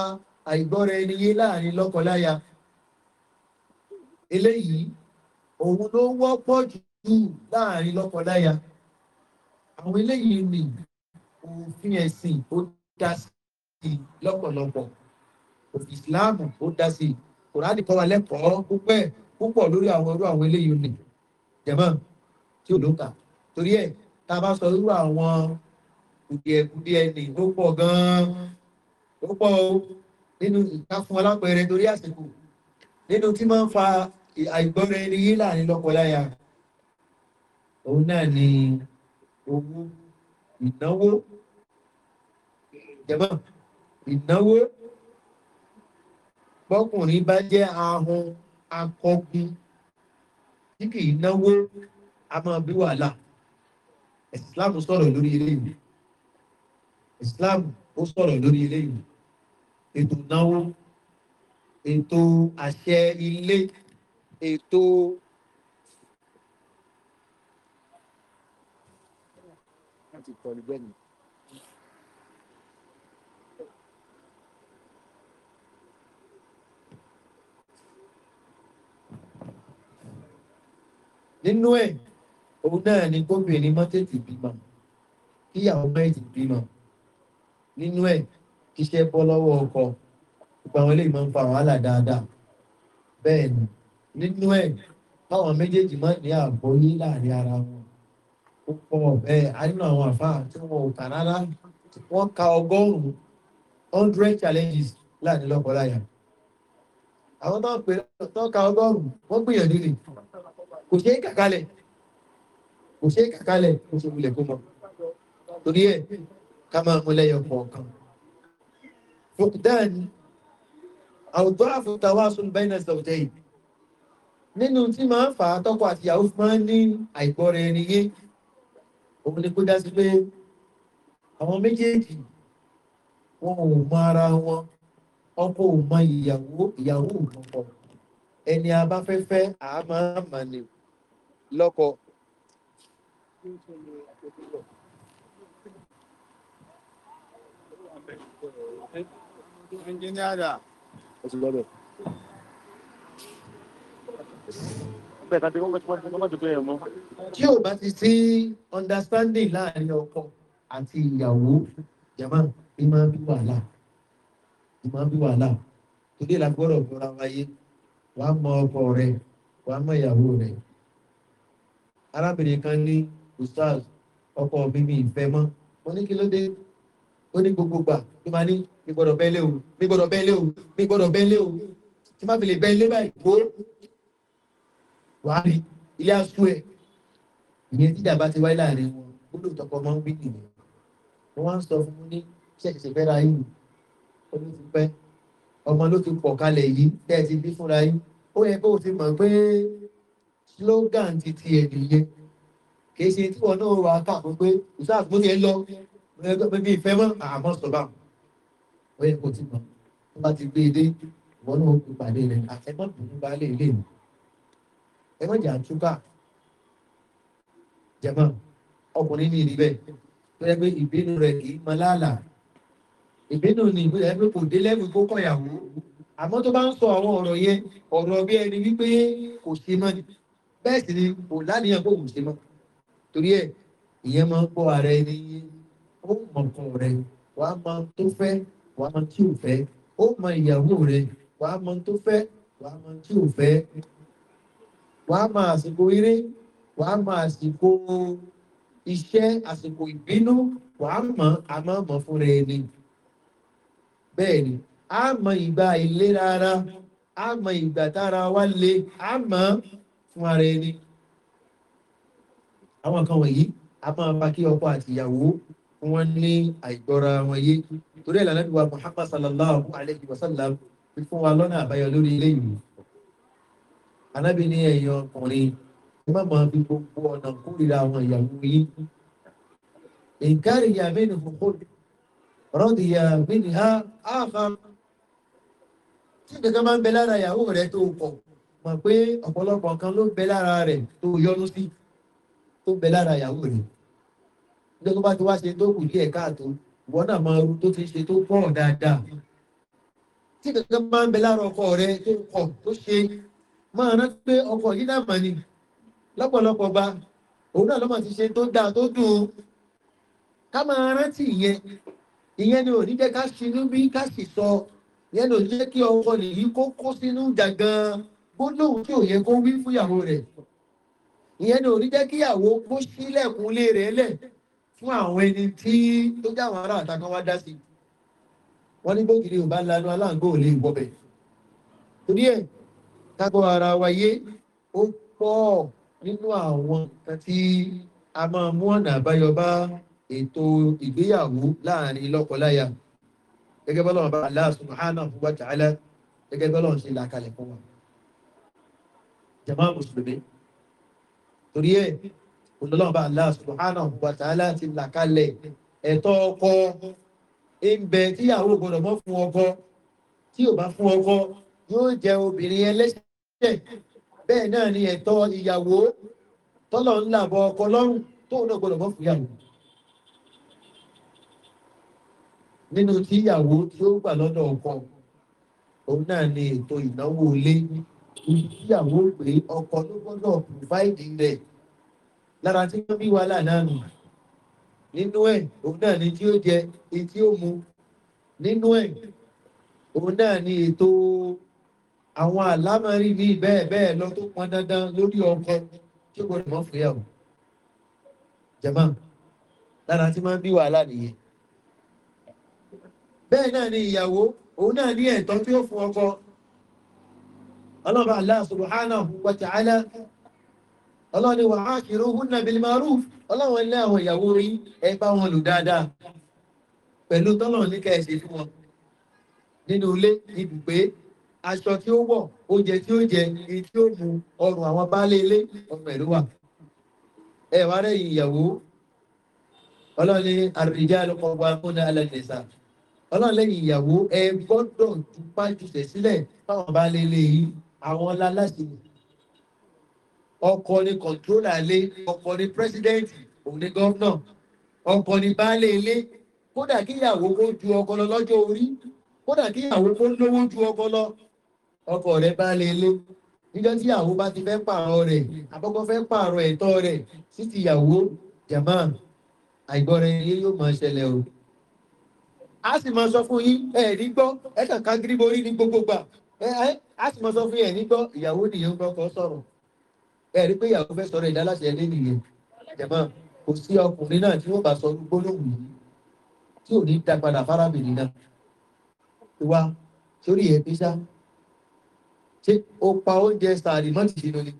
àìgbọ́ra ẹni yé láàrin lọ́kọláya eléyìí òun ló wọ́pọ̀ jù láàrin lọ́kọláya àwọn eléyìí ni òfin ẹ̀sìn ó dá sí lọ́pọ̀lọpọ̀ ìsìláàmù ó dá sí i kòránì kọ́ wa lẹ́kọ̀ọ́ púpẹ́ púpọ̀ lórí àwọn irú àwọn eléyìí ni jẹ̀mọ́ tí ò ló kà torí ẹ̀ tá a bá sọ irú àwọn kùdìẹ̀kùdìẹ̀ ni ó pọ̀ gan-an ó pọ̀ o nínú ìkáfún alápẹ̀rẹ̀ torí àsìkò nínú tí máa ń fa àìgbọ́ra ẹni yé láàrin lọ́kọ̀láyà òun náà ni owó ìnáwó jẹ̀mọ́ ìnáwó bọ́kùnrin bá jẹ́ ahun akọgun tí kì í náwó a máa bí wàhálà islam sọ̀rọ̀ lórí ilé islam ó sọ̀rọ̀ lórí ilé ìwé ètò náwó ètò àṣẹ ilé ètò láti kọlu bẹ́ẹ̀ nínú ẹ̀ òun náà ni gómìnrin mọ́ tètè bímọ kíyàwó mọ́ ètè bímọ nínú ẹ̀ kíṣẹ́ bọ́ lọ́wọ́ ọkọ gbogbo àwọn eléyìí máa ń fa wàhálà dáadáa bẹ́ẹ̀ ni nínú ẹ̀ báwọn méjèèjì máa ní àgbọ́yé láàrin ara wọn ó pọ̀ bẹ́ẹ̀ á nínú àwọn àfáà tí wọn ò kà rárá wọ́n ka ọgọ́rùn-ún hundred challenges láàrin lọ́kọ̀ọ́láyà àwọn tó ń ka ọgọ́rùn-ún gbìyànjú nìyí kò ṣe é kàkálẹ̀ kò ṣe é kàkálẹ̀ kò ṣe wulẹ̀ kó mọ̀ torí ẹ̀ ká máa mú lẹ́yọ kọ̀ọ̀kan fòkúdáàni àwùjọ àfòtàwà sùn bẹ́ẹ̀nà sọ̀tẹ́ yìí nínú tí máa ń fà á tọ́kọ àti ìyàwó máa ń ní àìgbọ́ra ẹni òun ni kó dá sí pé àwọn méjèèjì wọn ò mọ ara wọn ọkọ ò mọ ìyàwó ìyàwó ò mọ ọkọ ẹni abáfẹ́fẹ́ àá máa mà nìkú lọ́kọ. ẹnjìníàdà. ó ti lọ bẹ̀. Tí ò bá ti sí understanding láàrin ọkọ àti ìyàwó, jàmá ni máa ń bí wàhálà. Ni máa ń bí wàhálà. Torí ìlàgbọ́dọ̀ fúnra wáyé, wàá mọ ọkọ rẹ, wàá mọ ìyàwó rẹ arábìnrin kan ní ustaz ọkọ bíbí ìfẹ́ mọ́ mo ní kí ló dé ó ní gbogbo gbà tó máa ní mi gbọ́dọ̀ bẹ́lẹ̀ o mi gbọ́dọ̀ bẹ́lẹ̀ o mi gbọ́dọ̀ bẹ́lẹ̀ o tí má fi lè bẹ́lẹ̀ báyìí kó wàá rí ilé asú ẹ̀ ìyẹn tí ìjàmbá ti wáyé láàrin wọn gbọ́dọ̀ tọkọ máa ń gbìyànjú wọn wá ń sọ fún mi ní ṣẹ̀ṣẹ̀ fẹ́ra yìí ó ní ti pẹ́ ọmọ ló ti pọ̀ kalẹ̀ yìí tẹ́ ẹ ti bí fúnra yìí ó yẹ kó o ti mọ̀ pé slogan ti ti ẹ̀ nìyẹn kìí ṣe tí wọn náà wà káàkó pé usas bó ti ẹ lọ bí ìfẹ́ mọ́ àmọ́ ah, sọ̀bà ó yẹ kó ti mọ̀ tó bá ti gbé ilé e ìwọ náà ó pàdé rẹ̀ àtẹ́gbọ́n tó ń bá lè lè mọ̀ ẹ má jà túkà jẹmọ́ ọkùnrin ní ìrí bẹ́ẹ̀ tó yẹ pé ìbínú rẹ̀ kì í mọ láàlà ìbínú ni ìbínú rẹ̀ pé kò dé lẹ́wù kó kọ̀yàwó àmọ́ tó bá ń sọ àwọn ọ̀rọ̀ yẹn ọ̀rọ̀ bí ẹni wípé kò ṣe mọ́ bẹ́ẹ̀ sì ni kò láníyàn kó wùsí mọ́ torí ẹ̀ ìyẹn máa ń gbọ́ ara ẹni yé ó mọ̀ kan rẹ̀ wàá mọ tó fẹ́ wàá mọ tí ò fẹ́ ó mọ ìyàwó rẹ̀ wàá mọ tó fẹ́ wàá mọ tí ò fẹ́ wàá mọ àsìkò eré wàá mọ àsìkò iṣẹ́ àsìkò ìbínú wàá mọ àmọ́ fúnra ẹni bẹ́ẹ̀ ni a mọ ìgbà ìlera ara a mọ ìgbà tára wa le a mọ fún ara ẹni àwọn kan wọ̀nyí a máa bá kí ọkọ̀ àti ìyàwó wọ́n ní àìgbọ́ra wọn yé torí ìlànà ìwà muhammad sallallahu alayhi wa sallam fi fún wa lọ́nà àbáyọ lórí ilé yìí anábì ní ẹ̀yàn ọkùnrin ẹ má máa fi gbogbo ọ̀nà kórìíra àwọn ìyàwó yìí ìkárìyà mẹ́nu fòkó rọ́dìyà mẹ́nu ha áfà tí mọ̀ pé ọ̀pọ̀lọpọ̀ kan ló bẹ lára rẹ̀ tó yọnu sí tó bẹ lára ìyàwó rẹ̀ nígbà tó bá ti wá ṣe tó kù díẹ̀ káàtó ìwọ náà máa ru tó ti ṣe tó pọ̀ dáadáa tí kankan máa ń bẹ lára ọkọ rẹ tó kọ̀ tó ṣe máa rántí pé ọkọ yìí náà mà ní lọ́pọ̀lọpọ̀ bá òun náà lọ́mọ ti ṣe tó dáa tó dùn ún ká máa rántí ìyẹn ìyẹn ni ò ní jẹ́ ká ṣinú bí ká sì sọ ìyẹn ni ò ní jẹ́ kí ọkọ nìyí kó kó sínú jà gbólóhùn tí ò yẹ kó wí fúyàwó rẹ̀ ìyẹn ní orí jẹ́ kíyàwó kó sílẹ̀kùn lé rẹ̀ lẹ̀ fún àwọn ẹni tí tó jẹ́ àwọn ará àtàkùn wá dá sí wọ́n ní gbókìrí ò bá lanu aláǹgbò lè wọ́bẹ̀ torí ẹ̀ tábọ̀ ara wa yé ó pọ̀ nínú àwọn nǹkan tí a máa mú ọ̀nà àbáyọ bá ètò ìgbéyàwó láàrin lọ́kọ̀láyà gẹ́gẹ́ bọ́lọ́run bá aláàsùn hánà fún wájà alẹ́ gẹ́gẹ́ bọ́lọ́run ṣe làkalẹ̀ fún wa jama mùsùlùmí torí ẹ̀ olólọ́ọ̀bá allah subhanahu wa ta'ala ti là kalẹ̀ ẹ̀tọ́ ọkọ ìbẹ̀ tíyàwó gbọ́dọ̀ mọ́ fún ọkọ tí ò bá fún ọkọ yóò jẹ obìnrin ẹlẹ́ṣẹ̀ bẹ́ẹ̀ náà ni ẹ̀tọ́ ìyàwó tọ́lọ̀ ńlá bọ ọkọ lọ́rùn tóun náà gbọ́dọ̀ mọ́ fún ìyàwó nínú tíyàwó tí ó gbà lọ́dọ̀ ọkọ òun náà ni ètò ìnáwó ilé ìyàwó pé ọkọ ló gbọ́dọ̀ provide rẹ̀ lára tí wọ́n bí wa lánàá nù nínú ẹ̀ òun náà ni tí ó jẹ etí ó mu nínú ẹ̀ òun náà ni ètò àwọn àlámọ̀rí ní bẹ́ẹ̀ bẹ́ẹ̀ lọ tó pọn dandan lórí ọkọ tí ó gbọ́dọ̀ mọ́ fún yàwó jẹ̀mọ́ lára tí máa bí wàhálà nìyẹn bẹ́ẹ̀ náà ni ìyàwó òun náà ní ẹ̀tọ́ tí ó fún ọkọ ọlọ́ba Allah subhanahu wa ta'ala ọlọ́ni wà á kìrò húnnà bil maruf ọlọ́wọ́n ilé àwọn ìyàwó rí ẹgbà wọn lù dáadáa pẹ̀lú tọ́lọ̀ ní kẹ́ẹ̀ṣẹ̀ fún wọn nínú ilé ibùgbé aṣọ tí ó wọ̀ oúnjẹ tí ó jẹ iye tí ó mu ọrùn àwọn baálé ilé ọmọ ìlú wà ìyàwó ọlọ́ni àrìjá ọgbà múná alẹ́nìsà ọlọ́ni ìyàwó ẹ gbọ́dọ̀ tupá jùṣẹ̀ sílẹ̀ fáwọn baálé ilé yìí àwọn lálásìmò ọkọ ni kọ̀ǹtólà lé ọkọ ni pírẹsidẹ́ǹtì òun ni gọ́vnà ọkọ ni baálé ilé kódà kíyàwó kó ju ọkọ lọ lọ́jọ́ orí kódà kíyàwó kó lówó ju ọkọ lọ ọkọ rẹ baálé ilé níjọ́ tí ìyàwó bá ti fẹ́ pààrọ̀ rẹ̀ àkọ́kọ́ fẹ́ pààrọ̀ ẹ̀tọ́ rẹ̀ sí ti ìyàwó jàmá àìgbọ́ra ilé yóò máa ṣẹlẹ̀ o a sì máa sọ fún yín ẹ̀ẹ́dí gbọ́ ẹ̀kàn kan gírí borí ní gbogbogbà a ti mọ sọ fún yẹn nígbọ́ ìyàwó nìyẹn gbọ́ kọ́ sọ̀rọ̀ ẹ rí pé ìyàwó fẹ́ sọ̀rọ̀ ìdá láti ẹlé nìyẹn jẹ̀mọ́ kò sí ọkùnrin náà tí wọ́n bá sọ gbólóhùn yìí tí ò ní da padà fárábìnrin náà ìwà sórí ẹ̀ fi sá ṣé o pa oúnjẹ sàárì mọ́ tìṣe lónìí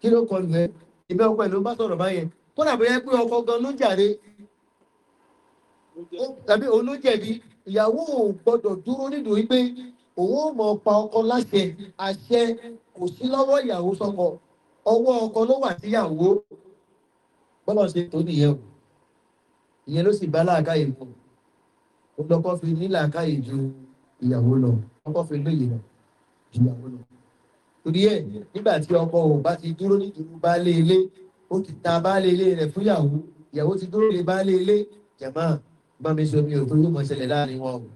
kí ló kọ lù ẹ ìbẹ́ ọkọ ẹ̀ ló bá sọ̀rọ̀ báyẹn kódà bóyá pé ọkọ gan ló jàre tàbí olójẹ̀bi ìyàwó ò gbọdọ̀ dúró nídòó wípé òun ò mọ̀ pa ọkọ láṣẹ àṣẹ kò sí lọ́wọ́ ìyàwó sọ́kọ ọwọ́ ọkọ ló wà síyàwó bọ́lọ̀ ṣe tó nìyẹn o ìyẹn ló sì bá láàkáyè mu o lọ́kọ́ fi ní làákáyè ju ìyàwó lọ ọkọ fi lóye lọ ju ìyàwó lọ torí ẹ nígbà tí ọkọ ò bá ti dúró nídùúró baálé ilé ó ti ta baálé ilé rẹ fún ìyàwó ìyàwó ti dúró lè baálé ilé jàmá bá mi sọ mi ò tó yóò mọ ṣẹlẹ̀ láàrin wọn o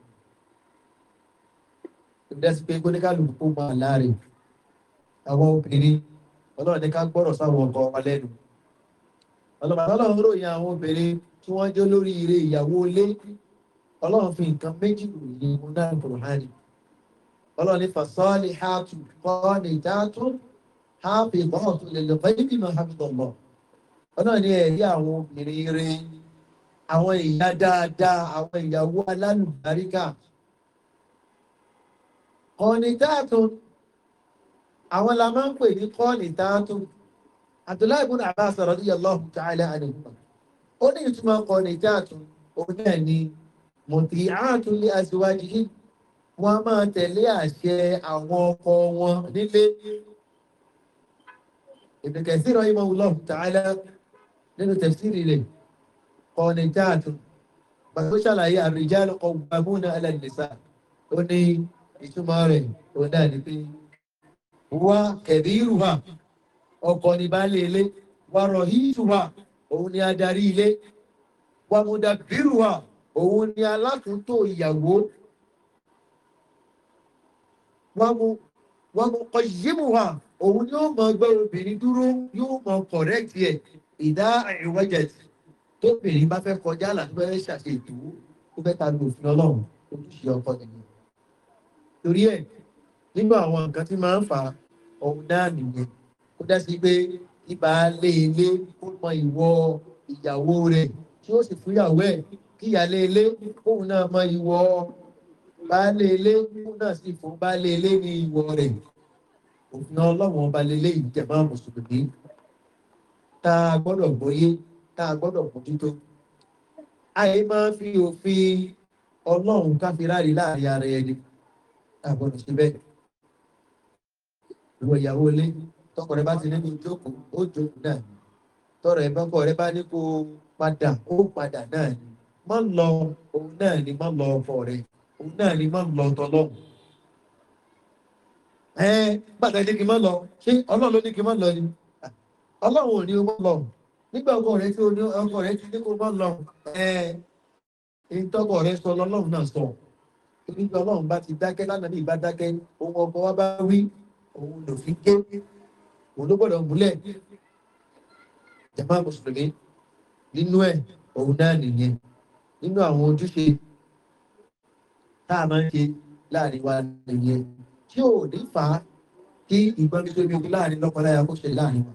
dẹ́sí pé kóníkàlù kó máa láàrin àwọn obìnrin ọlọ́run ní ká gbọ́rọ̀ sáwọn ọkọ ọmọ lẹ́nu ọlọ́run ròyìn àwọn obìnrin tí wọ́n jẹ́ lórí ire ìyàwó ilé ọlọ́run fi nǹkan méjì ròyìn wọn náà kùrọ̀ hánì ọlọ́run ní fasọ́ọ̀lì hàtù kọ́ọ̀nì ìdátú hápì bọ́ọ̀tù lèlè fẹ́ẹ́bì máa hápì tọ̀gbọ̀ ọlọ́run ní ẹ̀rí àwọn obìnrin ire àwọn ìyá dáadáa àwọn ìyàwó alálùbáríkà kọ̀nìtàtún àwọn la máa ń pè ní kọ̀nìtàtún Abdullahi ibn Abbas radiyallahu ta'ala anhuma ó ní ìtumọ̀ kọ̀nìtàtún òun náà ni muti'atun li azwajihin wọ́n máa tẹ̀lé àṣẹ àwọn ọkọ wọn nílé Ibn Kathir rahimahullahu ta'ala nínú tafsiri rẹ̀ kọ̀nìtàtún bàtó ṣàlàyé ar-rijalu qawwamuna 'ala ó ní ìtumọ̀ rẹ̀ òun náà ni pé wá kẹ̀dí ìrùhà ọkọ̀ ní baálé ilé wà rọ̀hí ìrùhà òun ni adarí ilé wà múdà bírùhà òun ni alátúntò ìyàwó wà mú kọ yímùhà òun ni ó mọ gbé obìnrin dúró yóò mọ kọ̀rẹ́kì ẹ̀ ìdá ìwẹ́jẹ̀ tóbìnrin bá fẹ́ kọjá làtúbẹ̀rẹ̀ ṣàṣètò ó fẹ́ ta lòfin ọlọ́run ojúṣe ọkọ nìyẹn torí ẹ̀ nínú àwọn nǹkan tí máa ń fà ọ̀hún náà nìyẹn ó dá sí pé ibà lé ilé ó mọ ìwọ ìyàwó rẹ̀ tí ó sì fúyàwó ẹ̀ kí ìyàlé ilé òun náà mọ ìwọ baálé ilé òun náà sì fún baálé ilé ní ìwọ rẹ̀ òfin ọlọ́wọ́n baálé ilé ìjẹ̀mọ́ mùsùlùmí tá a gbọ́dọ̀ gbọ́yé tá a gbọ́dọ̀ mójútó àyè máa fi òfin ọlọ́run káfíráàrí láàrin ara ẹni àgbọ̀dọ̀ ṣe bẹ́ẹ̀. Ìwọ ìyàwó ilé tọkọ rẹ bá ti nínú ìjókòó ó jókòó náà tọrọ ẹ bọ́kọ rẹ bá ní kó padà ó padà náà ni má lọ òun náà ni má lọ ọkọ rẹ òun náà ni má lọ tọlọ́hùn. Ẹ bàtà ní kí má lọ ṣé ọlọ́run ló ní kí má lọ ni ọlọ́run ò ní o má lọ nígbà ọkọ rẹ tí ọkọ rẹ ti ní kó má lọ ẹ ìtọ́kọ rẹ sọ lọ́lọ́run náà sọ torí bí ọlọ́run bá ti dákẹ́ lánàá bí ìbá dákẹ́ ohun ọkọ̀ wa bá wí òun lò fi gé òun ló gbọ́dọ̀ múlẹ̀ jama mùsùlùmí nínú ẹ̀ òun náà nìyẹn nínú àwọn ojúṣe tá a máa ń ṣe láàrin wa nìyẹn tí ò ní fà á kí ìbọn ní tóbi ogun láàrin lọ́kọláya kó ṣe láàrin wa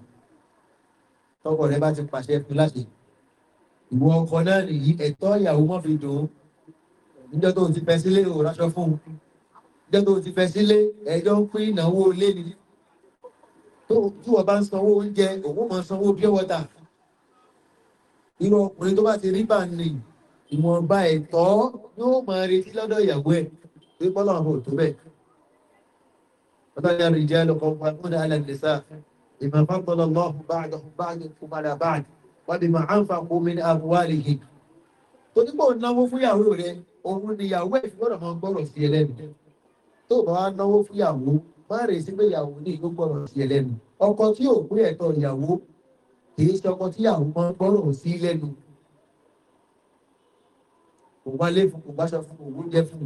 tọkọ rẹ bá ti pàṣẹ fún láṣẹ ìwọ ọkọ náà nìyí ẹ̀tọ́ ìyàwó mọ́ dùn ún níjọ́ tó ti fẹ́ sílé ò ráṣọ fún un níjọ́ tó ti fẹ́ sílé ẹjọ́ ń pín ìnáwó ilé ni tí wọ́n bá ń sanwó oúnjẹ òun máa sanwó pure water irú ọkùnrin tó bá ti rí bá ní ìwọ̀nba ẹ̀tọ́ yóò máa retí lọ́dọ̀ ìyàwó ẹ̀ pé bọ́lá àwọn òtó bẹ́ẹ̀ ọ̀tọ́jà rìjẹ́ lọ́kọ̀ pàmòdà alẹ́gbẹ̀sà ìmọ̀ fàgbọ́lọ́ lọ́hùn báàdì báàdì kùmàdà báàdì wọ́n ti máa ń fa omi ní àbúwárì yìí torí pé òun náwó fún ìyàwó rẹ̀ òun ni ìyàwó ẹ̀ fi gbọ́dọ̀ máa gbọ́rọ̀ sí ẹlẹ́nu tó bá wá náwó fún ìyàwó má rèsí pé ìyàwó ní ìlú gbọ́rọ̀ sí ẹlẹ́nu ọkọ tí ò gbé ẹ̀tọ́ ìyàwó kìí ṣe ọkọ tí ìyàwó máa gbọ́rọ̀ sí lẹ́nu kò wá lé fún kò báṣọ fún kò wúnjẹ fún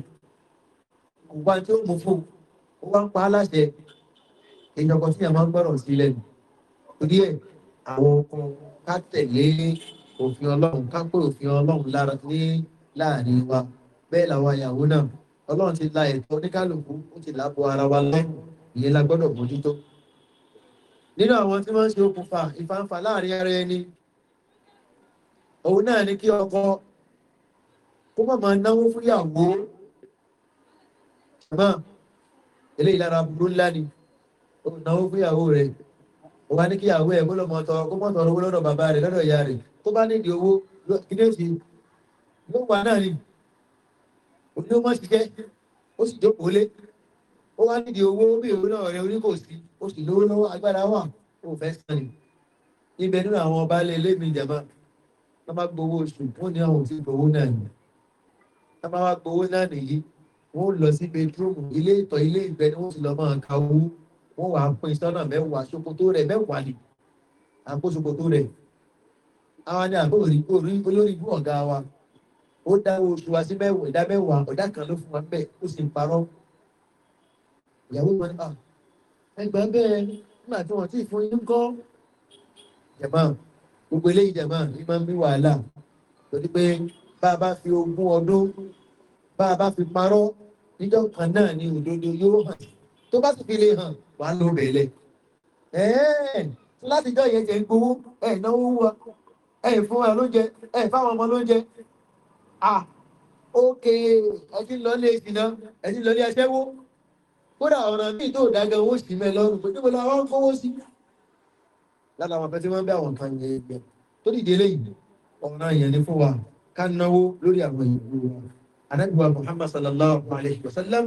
kò wá tí ó mú fún ó wá ń pa á láṣẹ ìjọkọ tí ìyàwó máa gbọ́rọ̀ sí lẹ́nu torí ẹ̀ àwọn ọkọ ká tẹ̀lé òfin ọlọ́run ká pé òfin ọlọ́run lára ní láàrin wa bẹ́ẹ̀ làwọn àyàwó náà ọlọ́run ti la ẹ̀tọ́ oníkálùkù ó ti lábo ara wa lẹ́yìn ìyẹn la gbọ́dọ̀ mójútó nínú àwọn tí wọ́n ń ṣe okùnfà ìfanfà láàrin ara ẹni òun náà ni kí ọkọ kó má máa náwó fún ìyàwó ṣùgbọ́n eléyìí lára burú ńlá ni ó náwó fún ìyàwó rẹ̀ ó wá ní kí ìyàwó ẹ̀ kó lọ́mọ tọrọ kó mọ̀ tọrọ owó lọ́dọ̀ bàbá rẹ̀ lọ́dọ̀ ìyá òní ó máa ṣiṣẹ́ ó sì jókòó lé ó wá nídìí owó bí ìwé náà rẹ orí kò sí ó sì lówó lọ́wọ́ agbára wà ó fẹ́ sàn ní. ibẹ̀ nínú àwọn ọba ilé ẹlẹ́mìí ìjàmbá wọ́n máa gbowó oṣù wọ́n ní àwọn òfin gbowó náà yìí wọ́n máa wá gbowó náà nìyí wọ́n lọ sí bedroom ilé ìtọ̀ ilé ìgbẹ́ ni wọ́n sì lọ máa ka owó wọ́n wàá pín sọ́nà mẹ́wàá ṣokoto rẹ̀ mẹ́wàá ni àpò ṣokoto rẹ̀ àwọn ni àbórí olórí ibú ọ̀gá wa ó dáwọ́ oṣù wa sí mẹ́wàá ìdá mẹ́wàá ọ̀dá kan ló fún wa bẹ́ẹ̀ ó sì parọ́ ìyàwó wọn ni ẹgbà bẹ́ẹ̀ nígbà tí wọ́n ti fún yín kọ́ jẹ̀mọ́ gbogbo eléyìí jẹ̀mọ́ ní máa ń bí wàhálà torí pé bá a bá fi ogún ọdún bá a bá fi parọ́ níjọ́ kan náà ni òdodo yóò hàn tó bá sì fi lè hàn wàá ló rẹ̀ lẹ̀ látijọ́ yẹn jẹ́ gbowó ẹ̀ náwó wa ẹ̀ fún wa lóúnjẹ ẹ̀ fáwọn ọmọ lóúnjẹ ah ókè ẹtí lọlé ìsìná ẹtí lọlé ẹṣẹ́wó kódà ọ̀nà míì tó dágan owó sí mẹ́ lọ́rùn pé níbo la wá ń kówó sí lára àwọn afẹ́tí máa ń bẹ àwọn nǹkan yẹn gbẹ tó dìde eléyìí ọ̀nà yẹn ni fún wa ká náwó lórí àwọn ìlú wa anábìwá muhammad sallallahu alayhi wa sallam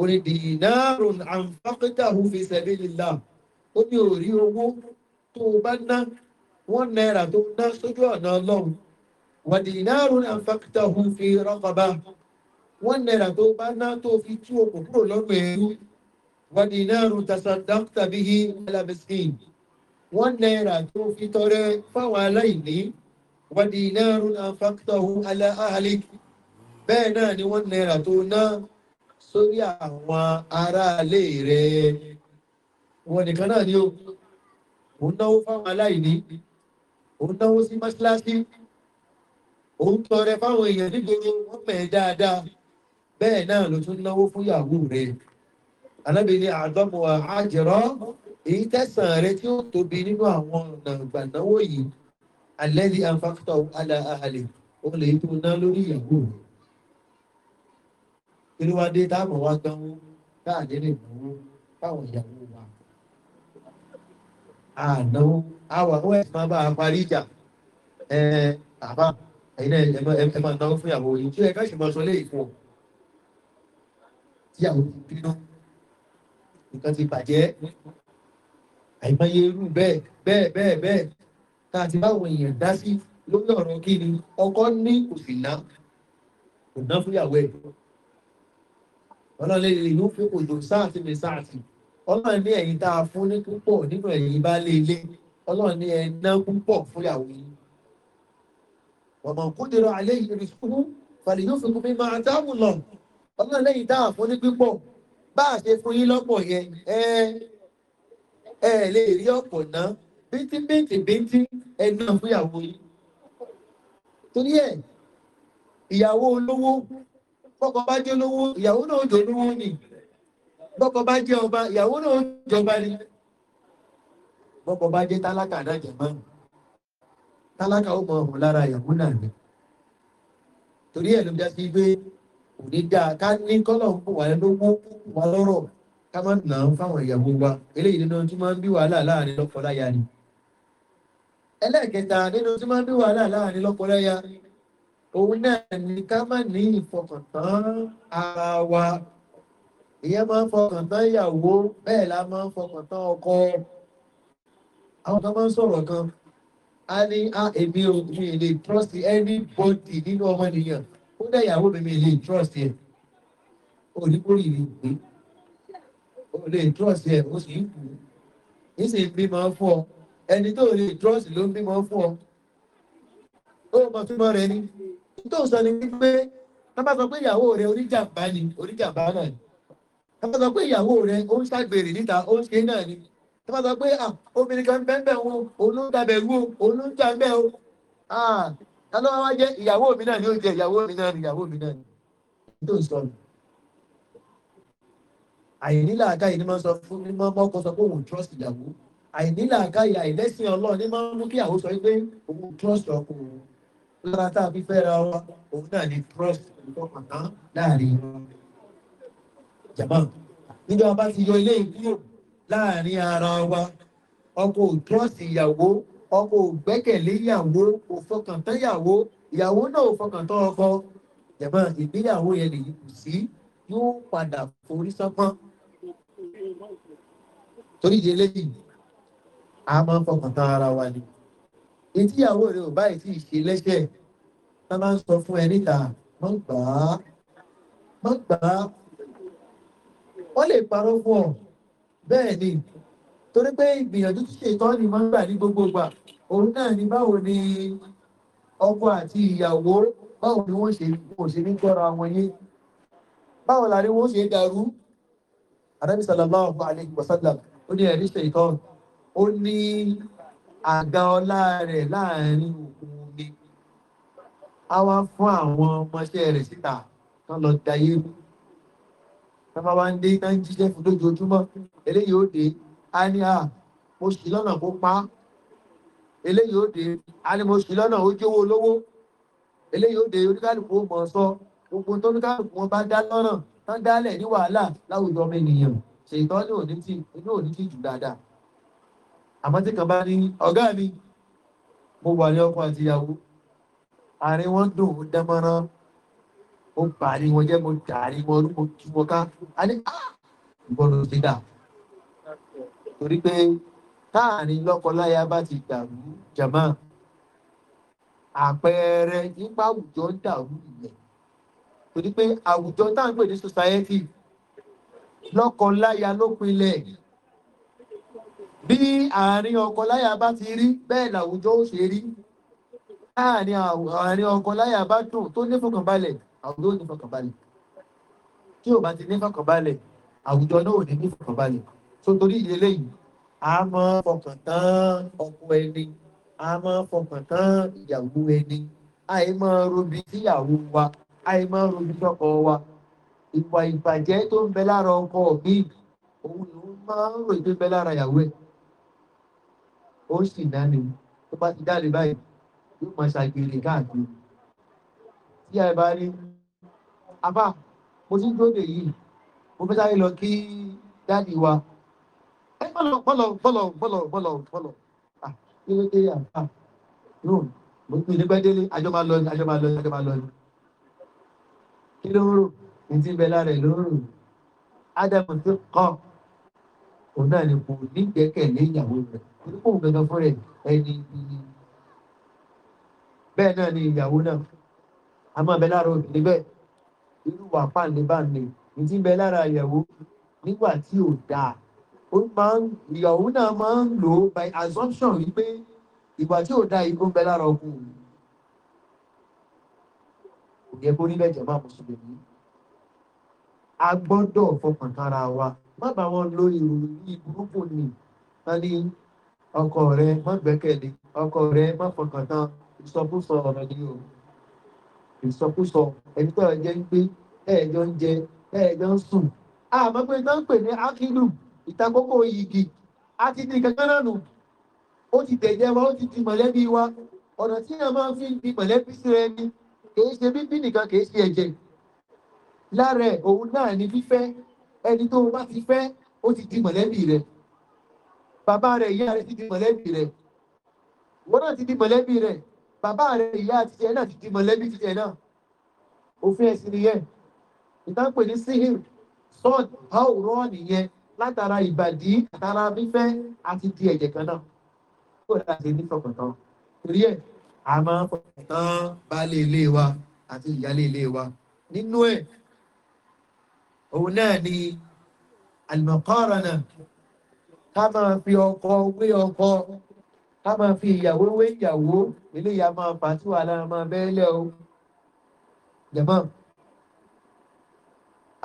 ó dìnnárùn àǹfàkítàhù fi sabilillah ó ní òrí owó tó bá ná wọn náírà tó ná sójú ọ̀nà ọlọ́run wàdìnárù náà fàkítà hùn fi rọ́kọ̀bá wọ́n nẹ̀rà tó bá ná tó fi tú òkú kúrò lọ́rùn ẹ̀rú wàdìnárù tasadakta bí i alabisin wọ́n nẹ̀rà tó fi tọrẹ fáwọn aláìní wàdìnárù náà fàkítà hùn bẹ́ẹ̀ náà ni wọ́n nẹ̀rà tó ná sórí àwọn aráalé rẹ̀ wọ́n nìkan náà ni ó náwó fáwọn aláìní ó náwó sí mọ́ṣíláṣí òun tọrẹ fáwọn èèyàn nígboro wọ́n mẹ̀ dáadáa bẹ́ẹ̀ náà ló tún náwó fún ìyàwó rẹ̀ alábìnrin àdọ́mọ̀ àjẹrọ́ èyí tẹ̀sán rẹ̀ tí ó tóbi nínú àwọn ọ̀nà ìgbànáwó yìí alẹ́dí àǹfààfitọ̀ alẹ́ àhàlẹ̀ òun lè tó ná lórí ìyàwó rẹ̀ kí wá dé táàmù wá gánwó káàdé lè mú fáwọn ìyàwó wa ànáwó àwọn ẹ̀sìn máa bá a parí ìjà ẹ̀ẹ́ àbá ẹ̀yìn ẹ máa náwó fún ìyàwó yìí tí ẹ káṣì máa sọ lé ìfún ọ tíyàwó ti bínú nǹkan ti bàjẹ́ àìmọye irú bẹ́ẹ̀ bẹ́ẹ̀ bẹ́ẹ̀ bẹ́ẹ̀ tá a ti báwọn èèyàn dá sí lórí ọ̀rọ̀ kí ni ọkọ ní kò sì ná kò ná fún ìyàwó ẹ̀ ọlọ́lẹ̀ ìlú pé kò lò sáàtì ẹ̀yìn ẹ̀yìn ẹ̀ wọ́n mọ̀ kúndìrọ̀ alẹ́ yìí rí fún fàlì yóò fi kún mi máa dáàbò lọ ọlọ́run lẹ́yìn dáà fún ní pípọ̀ bá a ṣe fún yín lọ́pọ̀ yẹn ẹ ẹ lè rí ọ̀pọ̀ náà bíntín bíntín bíntín ẹ náà fún ìyàwó yín torí ẹ ìyàwó olówó bọ́kọ bá jẹ́ olówó ìyàwó náà jọ olówó ni bọ́kọ bá jẹ́ ọba ìyàwó náà jọba ni bọ́kọ bá jẹ́ tálákà náà jẹ̀ mọ́nù tálákà ó mọ ọ̀hún lára ìyàwó náà ni torí ẹ̀ ló já sí pé kò ní dáa ká ní kọ́lọ̀ ń bò wá lówó wá lọ́rọ̀ ká má nà án fáwọn ìyàwó wa eléyìí nínú tí máa ń bí wàhálà láàrin lọ́kọláya ni ẹlẹ́ẹ̀kẹta nínú tí máa ń bí wàhálà láàrin lọ́kọláya òun náà ni ká má ní ìfọkàntán ara wa ìyẹn máa ń fọkàntán ìyàwó bẹ́ẹ̀ la máa ń fọkàntán ọkọ àwọn kan máa ń sọ̀rọ̀ kan a ní a èmi o mi lè trust anybody nínú ọmọnìyàn ó dẹ̀ ìyàwó mi mi lè trust yẹ oníkórè mi gbé o lè trust yẹ o sì ń kú yìí sì ń bímọ fún ọ ẹni tó lè trust ló ń bímọ fún ọ ó mọ túmọ̀ rẹ ni tó sọ ni wípé wọ́n bá sọ pé ìyàwó rẹ oníjàmbá ni oníjàmbá náà ni wọ́n bá sọ pé ìyàwó rẹ ó ń ṣàgbèrè níta ó ń ṣe náà ni tó bá sọ pé ah, obìnrin kan bẹ́ẹ̀ bẹ́ẹ̀ wọn olóńgbàbẹ̀ wú olóńgbà bẹ́ẹ̀ o ah, tálọ́wọ́ wá jẹ́ ìyàwó mi náà ni ó jẹ́ ìyàwó mi náà ni ìyàwó mi náà ni tó ń sọ nù àìnílà àkáyè ni máa mọ́kọ sọ pé òun trust ìyàwó àìnílà àkáyè àìlẹ́sìn ọlọ́run ní máa ń mú kí àwọn sọ pé òun trust ọkọ òun lára tá a fi fẹ́ ra wa òun náà ni trust ìfọkàntán láàrin ìjàmbá níjọba ti yọ ilé ìkúrò láàrin ara wa ọkọ ò trọ́ọ̀sì ìyàwó ọkọ ò gbẹ́kẹ̀lé ìyàwó ò fọkàn tán ìyàwó ìyàwó náà ò fọkàn tán ọkọ jẹ̀mọ́ ìgbéyàwó yẹn lè kù sí yóò padà forí sánpọ́n torí ìdí eléyìí a máa ń fọkàn tán ara wa ni etí ìyàwó rẹ ò báyìí tí ì ṣe lẹ́sẹ̀ tá máa ń sọ fún ẹ níta mọ́ gbà á mọ́ gbà á wọ́n lè parọ́ fún ọ bẹ́ẹ̀ ni torí pé ìgbìyànjú tí ṣètọ́ ni máa ń gbà ní gbogbo òun náà ni báwo ni ọkọ àti ìyàwó báwo ni wọ́n ṣe wọ́n ṣe ní gbọ́ra wọn yé báwo la rí wọ́n ṣe dàrú arábí sallallahu alayhi wa sallam ó ní ẹ̀rí ṣètọ́ ó ní àga ọlá rẹ̀ láàrin òkun omi a wá fún àwọn ọmọọṣẹ́ rẹ̀ síta tán lọ dayé rú tọ́mọ wa ń dé iná ń jíjẹ́ fún lójoojúmọ́ eléyìí ó dé á ní à mo sì lọ́nà kó pa á eléyìí ó dé á ní mo sì lọ́nà ó jówó lówó eléyìí ó dé oníkálùkù ó mọ̀ sọ gbogbo tó oníkálùkù wọn bá dá lọ́nà tán dálẹ̀ ní wàhálà láwùjọ ọmọ ènìyàn ṣètọ́ ní òní tí inú òní tí jù dáadáa àmọ́ tí kan bá ní ọ̀gá mi mo wà ní ọkọ̀ àtìyàwó àárín wọn dùn ó dánmọ́rán ó ń parí wọn jẹ́ mo jàrí wọn mo, tú wọn ká a ní ah! ìbọnù ti dà torí pé táàrin lọ́kọláya bá ti dàrú jàmá àpẹẹrẹ nípa àwùjọ ń dàrú ìyẹn torí pé àwùjọ tá à ń pè ní society lọ́kọláya ló pinlẹ̀ bí àárín ọkọláya bá ti rí bẹ́ẹ̀ làwùjọ ó ṣe rí láàárín ọkọláya bá dùn tó ní fọkànbalẹ̀ àwùjọ ní fọkànbalẹ̀ tí ò bá ti ní fọkànbalẹ̀ àwùjọ náà ò ní ní fọkànbalẹ̀ tó torí ìdílé yìí a máa fọkàn tán ọkọ ẹni a máa fọkàn tán ìyàwó ẹni àì máa robi síyàwó wa àì máa robi sọkọ wa ìwà ìbàjẹ́ tó ń bẹ lára ọkọ mi òun ló máa ń rò tó ń bẹ lára ìyàwó ẹ̀ ó sì náni tó bá ti dáre báyìí yóò máa ṣàgbèrè káàkiri tí a àbá mo ti ń dúró dè yìí mo fẹ́ sáré lọ kí dáàdì wa ẹ bọ́lọ̀ bọ́lọ̀ bọ́lọ̀ bọ́lọ̀ bọ́lọ̀ bọ́lọ̀ kí ló dé àbá yóò mo ti ní gbẹ́dẹ́lé àjọ máa lọ ni àjọ máa lọ ni àjọ máa lọ ni kí ló ń rò ní ti bẹ lára ẹ ló ń rò ádámù ti kọ́ òun náà ni kò ní gbẹ́kẹ̀lé ìyàwó rẹ̀ kò ní fún rẹ̀ ẹni ìyí bẹ́ẹ̀ náà ni ìyàwó náà a máa bẹ òbí níbẹ̀ irú wà páàlì bá ní ìdí bẹ lára ìyàwó nígbà tí ò dáa ó máa ń ìyàwó náà máa ń lò ó by assumption wípé ìgbà tí ò dáa igbó ń bẹ lára ọkùnrin kò yẹ kó nílẹ̀ jẹ̀má mùsùlùmí a gbọ́dọ̀ fọkàn kára wa má bá wọn lo ìròyìn burúkú ni wọn ọkọ rẹ má gbẹkẹlé ọkọ rẹ má fọkàn tán ìsọkúsọ ọ̀rọ̀ ni o ìsọkúsọ ẹni tó ẹjẹ ń gbé ẹẹjọ ń jẹ ẹẹjọ ń sùn àmọ́ pé tó ń pè ní akílù ìtakókò yìgì a ti di kankan náà nù ó ti tẹ̀jẹ́ wa ó ti di mọ̀lẹ́bí wa ọ̀nà tí a máa fi di mọ̀lẹ́bí sí ẹni kìí ṣe bíbí nìkan kìí ṣe ẹ̀jẹ̀ lára ẹ̀ òun náà ni fífẹ́ ẹni tó bá ti fẹ́ ó ti di mọ̀lẹ́bí rẹ̀ bàbá rẹ̀ ìyá rẹ̀ ti di mọ̀lẹ́bí rẹ̀ wọ́n náà ti di mọ̀lẹ́bí rẹ̀ bàbá rẹ̀ ìyá àti tiẹ̀ náà ti di mọ̀lẹ́bí tiẹ̀ náà òfin ẹ̀sìn nìyẹn ìtànpè ní síhìn sọ́ọ̀d àwòrán nìyẹn látara ìbàdí àtara fífẹ́ àti di ẹ̀jẹ̀ kan náà kó dà sí ní fọkàntán torí ẹ̀ a máa ń fọkàntán baálé ilé wa àti ìyálé ilé wa nínú ẹ̀ òun náà ni àlùmọ̀kọ́rọ̀ náà ká máa fi ọkọ̀ wé ọkọ̀ ká máa fi ìyàwó wé ìyàwó eléyà máa fà tí wà lára máa bẹ́ẹ̀lẹ̀ o jẹ̀mọ́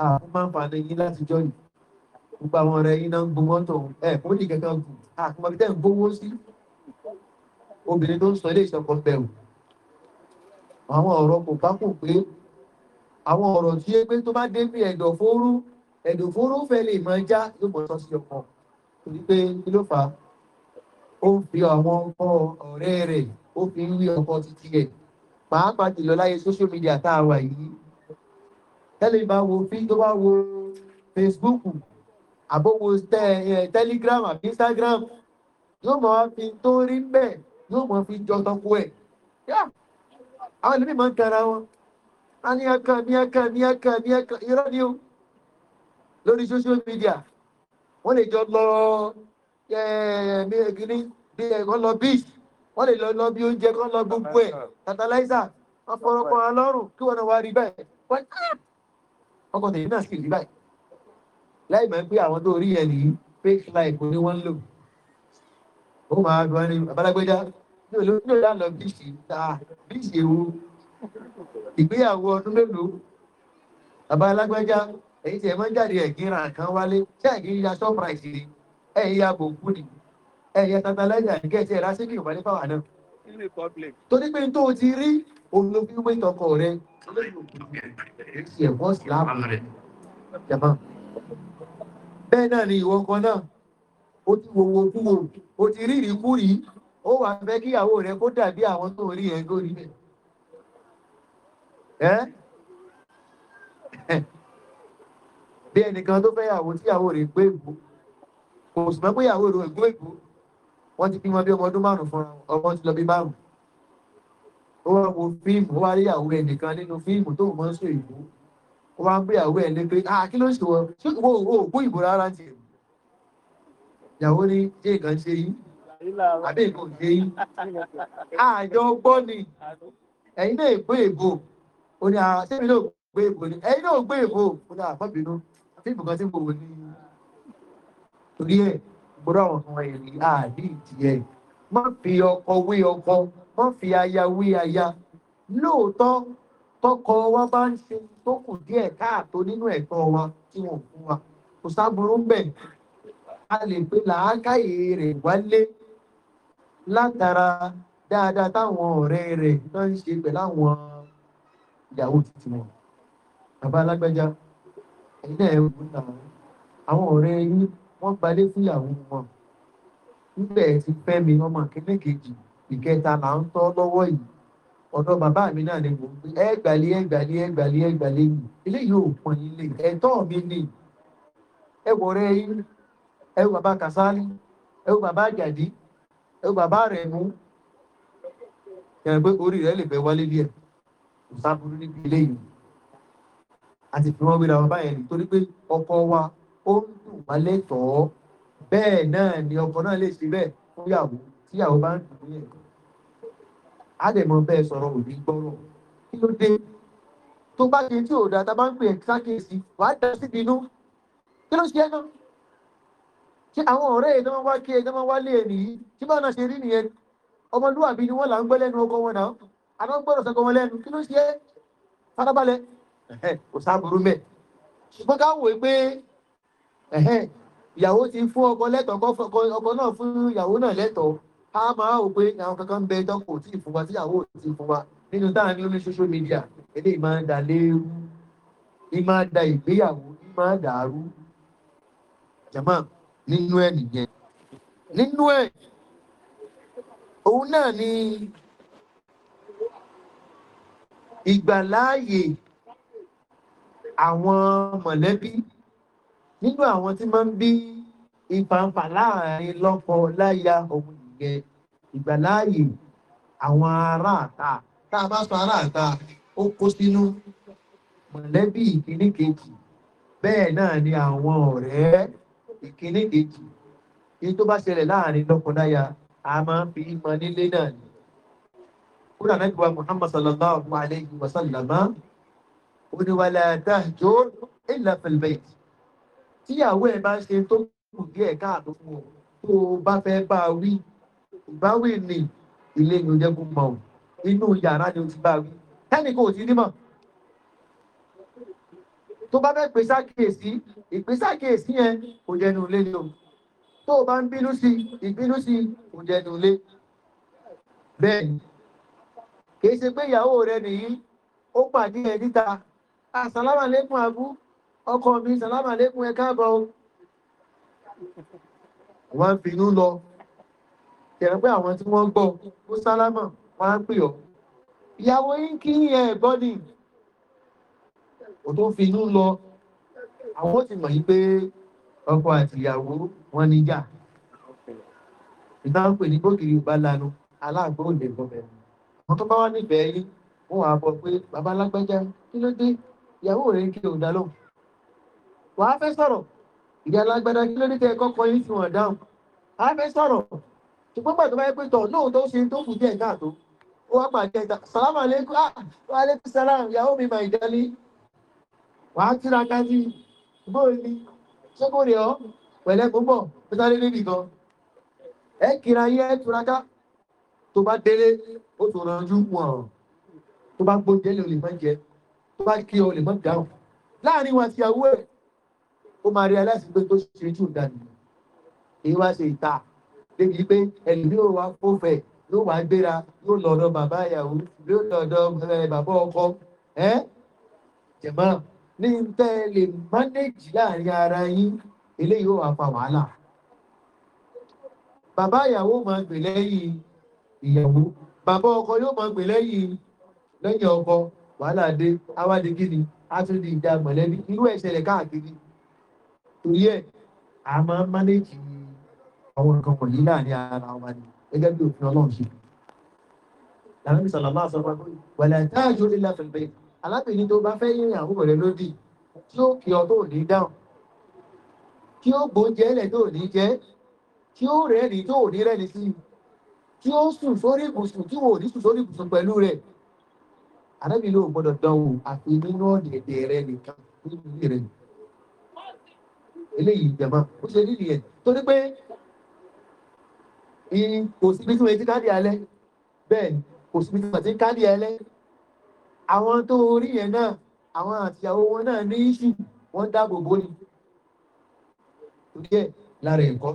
àwọn máa ń fàánà yín láti jọ yìí gbogbo àwọn ọ̀rẹ́ yín náà ń gbó mọ́tò ẹ̀ kó ní kankan gùn àkùnmọ̀ bí tẹ́ ń gbówó sí obìnrin tó ń sọ ilé ìṣọ̀kan bẹ̀rù àwọn ọ̀rọ̀ kò bá kò pé àwọn ọ̀rọ̀ tí é pé tó bá dé bí ẹ̀dọ̀ fóró fẹ́ lè máa já yóò mọ̀ sọ sí ọkọ̀ torí pé kí ló fà á ó fi àwọn ọkọ ọ̀rẹ́ rẹ̀ ó fi ń rí ọkọ títí rẹ̀ pàápàá jùlọ láyé social media tá a wà yìí tẹ́lẹ̀ bá wo fi tó bá wo facebook àbówó telegram àbí instagram yóò mọ̀ wá fi tó rí bẹ́ẹ̀ yóò mọ̀ fi jọ tọ́kú ẹ̀ àwọn ìlú mìíràn tara wọn a ní ẹ̀kan ní ẹ̀kan ní ẹ̀kan ní ẹ̀kan irọ́ ni ó lórí social media wọ́n lè jọ lọ́ọ́ gíní bí ẹ̀kọ́ lọ bí wọ́n lè lọ bí oúnjẹ kan lọ gbogbo ẹ̀ tataláísà wọ́n fọ́rọ́pọ̀ ọlọ́rùn kí wọ́n wá rí bẹ́ẹ̀ wọ́n ah! ọkọ̀ tèmi náà sì rí báyìí láì máa ń pé àwọn tó rí ẹ̀ nìyí fake life ni wọ́n ń lò ó máa gbọ́n ní abálágbéjá ní olóńgbò yà lọ bíìsì ta bíìsì ewu ìgbéyàwó ọdún mélòó abálágbéjá èyí tí ẹ máa ń jáde ẹ̀gínra kan wálé ṣé ẹ̀gín ya surprise ni ẹ̀yà gbòǹgbò ni ẹ̀yà tantalizer ní kẹ́ẹ̀tì ẹ̀rá sí kí o balẹ̀ fáwọn náà. torí pé n tó ti rí olóògùn wé tọkọ rẹ ti ẹ̀kọ́ síláàmù rẹ̀ jàmá. bẹ́ẹ̀ náà ni ìwọ kan náà ó ti wòwò kú wò ó ti rí ìrìkú rí ó wà fẹ́ kíyàwó rẹ kó dàbí àwọn tó rí ẹ̀ lórí rẹ̀ bí ẹnìkan tó fẹ́yàwó tíyàwó rẹ̀ gbé ìbò kò sì mọ́ pé ìyàwó ìlú ẹ̀gbọ́n ìbò wọ́n ti bímọ bí ọmọ ọdún márùn-ún fúnra ọmọ ti lọ bí márùn-ún ó wá wo fíìmù ó wá rí ìyàwó ẹ̀ nìkan nínú fíìmù tó mọ́ sí ìbò ó wá ń bí ìyàwó ẹ̀ lé pé ah kí ló ń ṣèwọ ṣé ìwọ òkú ìbò rárá ti ìyàwó ní ṣé nǹkan ṣe yí àbí nǹkan ṣe yí àjọ gbọ́ ni ẹ̀yin náà gbé ìbò ó ní ara ah, ṣé mi náà gbé ìbò ni ẹ̀yin náà gbé ìbò ó ní àpá ah, fíìmù kan tí mo wò ní torí ẹ̀ gbọ́dọ̀ àwọn ọmọ ẹ̀rí àdí ìdí ẹ̀ má fi ọkọ wé ọkọ má fi aya wé aya lóòótọ́ tọkọ wa bá ń ṣe tó kù díẹ̀ káàtó nínú ẹ̀tọ́ wa tí wọ́n fún wa kò sáburú ń bẹ̀ a lè pe làákàyè rẹ̀ wálé látara dáadáa táwọn ọ̀rẹ́ rẹ̀ náà ń ṣe pẹ̀lú àwọn ìyàwó títí wọn bàbá alágbájá ẹ̀yin náà ẹ̀ wò náà àwọn ọ̀rẹ́ yín wọ́n gbalé fúyàwó wọn nígbà ẹ̀ ti fẹ́ mi ọmọ kílé kejì ìkẹta là ń tọ́ lọ́wọ́ yìí ọ̀dọ̀ bàbá mi náà ni mò ń gbé ẹ gbàlé ẹ gbàlé ẹ gbàlé ẹ gbàlé yìí eléyìí ò pọn ilé ẹ̀tọ́ mi ni ẹ wọ rẹ yín ẹ wọ bàbá kasali ẹ wọ bàbá àjàdí ẹ wọ bàbá rẹ mú yàrá pé orí rẹ lè fẹ́ wálé díẹ̀ kò sábúrú níbi eléyìí àti fi wọn wéra wọn báyẹn nítorí pé ọkọ wa ó ń dùn wọ́n lẹ́tọ̀ọ́ bẹ́ẹ̀ náà ni ọkọ náà lè ṣe bẹ́ẹ̀ fún yàwó tí yàwó bá ń dùn yẹn á dẹ̀ mọ bẹ́ẹ̀ sọ̀rọ̀ òbí gbọ́rọ̀ kí ló dé tó bá ṣe tí ò dáa tá a bá ń pè é sákèsì wàá dá síbi inú kí ló ṣe náà tí àwọn ọ̀rẹ́ ẹ̀ náà wá kí ẹ̀ náà wá lé ẹ̀ nìyí tí bá náà ṣe rí nìyẹn ọmọlúwàbí ni wọ́n là ń gbẹ́ lẹ́nu ọkọ wọn náà àná ń gbọ́dọ̀ sọ́kọ wọn lẹ́nu kí ló ṣe é farabalẹ̀ kò sáàbùrú mẹ́ ṣùgbọ́n ká wò pé ìyàwó ti fún ọkọ lẹ́tọ̀ọ́ ọkọ náà fún ìyàwó náà lẹ́tọ̀ọ́ a máa wò pé àwọn kankan ń bẹ tọkọ tí ì fún wa tíyàwó ti fún wa nínú táwọn ní lórí social media eléyìí máa ń da léwu ní máa da ìgbéyàwó ní máa dàrú jama nínú ẹ nìyẹn nínú ẹ òun náà ni ìgbàláàyè àwọn mọ̀lẹ́bí nínú àwọn tí máa ń bí ìfàǹfà láàrin lọ́kọ láya òun ìyẹn ìgbàláàyè àwọn ará àta tá a bá sọ ará àta ó kó sínú mọ̀lẹ́bí ìkíní kejì bẹ́ẹ̀ náà ni àwọn ọ̀rẹ́ ìkíní kejì èyí tó bá ṣẹlẹ̀ láàrin lọ́kọ láya a máa ń fi ìmọ̀ nílé náà ni kúrò àmẹ́gbà muhammad sallallahu alayhi wa sallama oníwàlẹ̀ àtàjò ìlàfẹ̀lbẹ̀tì tíyàwó ẹ bá ṣe tó kù díẹ̀ káàtó fún ọ tó o bá fẹ́ bá a wí ìbáwí ni ilé ni ó jẹ́ kó mọ̀ inú yàrá ni ó ti bá a wí tẹ́nì kò sí nímọ̀ tó bá fẹ́ pèsè àkíyèsí ìpèsè àkíyèsí yẹn kò jẹnu ilé ni o tó o bá ń bínú sí ìbínú sí kò jẹnu ilé bẹ́ẹ̀ kì í ṣe pé ìyàwó rẹ nìyí ó pàdé ẹ níta àsàlámà lẹ́kùn abú ọkọ̀ mi sàlámà lékún ẹ káàbọ̀ wọ́n fi inú lọ tẹ̀rẹ̀ pé àwọn tí wọ́n gbọ́ ó sálámà wọ́n á pè ọ́ ìyàwó yín kí ń yẹ ẹ̀gbọ́n ni ò fi inú lọ àwọn ó ti mọ̀ yí pé ọkọ àti ìyàwó wọn níjà ìgbà ń pè ní gbókiri ìgbà lanu aláàgbó òde gbọmọ àwọn tó bá wà níbẹ̀ yín wọn á bọ pé bàbá alágbájá kí ló dé ìyàwó rẹ kí o dá lóhùn wàá fẹ́ sọ̀rọ̀ ìyá alágbádá kí ló ní tẹ́ ẹ̀kọ́ kan yìí fi wọ̀n dáhùn á fẹ́ sọ̀rọ̀ ṣùgbọ́n pàtó báyẹn pé tọ̀ náà tó ṣe tó kù díẹ̀ káàtó ó wá pàjẹ́ ìta sàlámà lẹ́kọ́ alẹ́kọ́ ah, sàlámà ìyàwó mi máa ìdálé wàá tíraka sí bóyá ni ṣókò rẹ̀ ọ́ pẹ̀lẹ́ kó bọ̀ tó sáré níbi gan ẹ kìra yẹ ẹ túraká tó bá délé láàrin wa ti àwọ̀ ẹ̀ ó máa rí aláìsàn pé tó ṣe jù dànù èyí wá ṣe ìta débi pé ẹlòmí ò wá fòfẹ yóò wá gbéra yóò lọ ọdọ bàbá ìyàwó yóò lọ ọdọ eh, bàbá ọkọ ẹ eh? jẹmọ ní tẹ lè mánéjì láàrin ara yín eléyìí ó wà pa wàhálà bàbá ìyàwó máa gbè lẹ́yìn ìyàwó bàbá ọkọ yóò máa gbè lẹ́yìn lẹ́yìn ọkọ wàhálà dé awádìí kí ni a tún di ìjà mọ̀lẹ́bí irú ẹ̀ṣẹ̀lẹ̀ káàkiri torí ẹ̀ a máa mánéjì àwọn nǹkan wọ̀nyí láàrin ara wa ni gẹ́gẹ́ bí òfin ọlọ́run ṣe làwọn ìsàn làwọn àṣọ wa wẹ̀lẹ̀ táàjò lílà fẹ̀fẹ̀ alábìnrin tó bá fẹ́ yín àwọn rẹ̀ lódì tí ó kí ọ tó ní dáhùn tí ó gbóúnjẹ ẹlẹ̀ tó ní jẹ tí ó rẹ́rìn tó ní rẹ́ni sí tí ó sùn sórí ibùsùn tí wò ní sùn sórí ibùsùn pẹ̀lú rẹ̀ arábìnrin ò gbọ́dọ̀ dánwò àfi nínú ọ̀dẹ̀dẹ̀ rẹ nìkan nínú ilé rẹ̀ nìkan eléyìí ìjẹ̀mọ́ ó ṣe nídìí ẹ̀ torí pé kò síbi tí wọ́n ti káàdì alẹ́ bẹ́ẹ̀ kò síbi tí wọ́n ti káàdì alẹ́ àwọn tó orí yẹn náà àwọn àtìyàwó wọn náà ní ìṣù wọ́n dáàbò bó ni torí ẹ̀ lára ẹ̀kọ́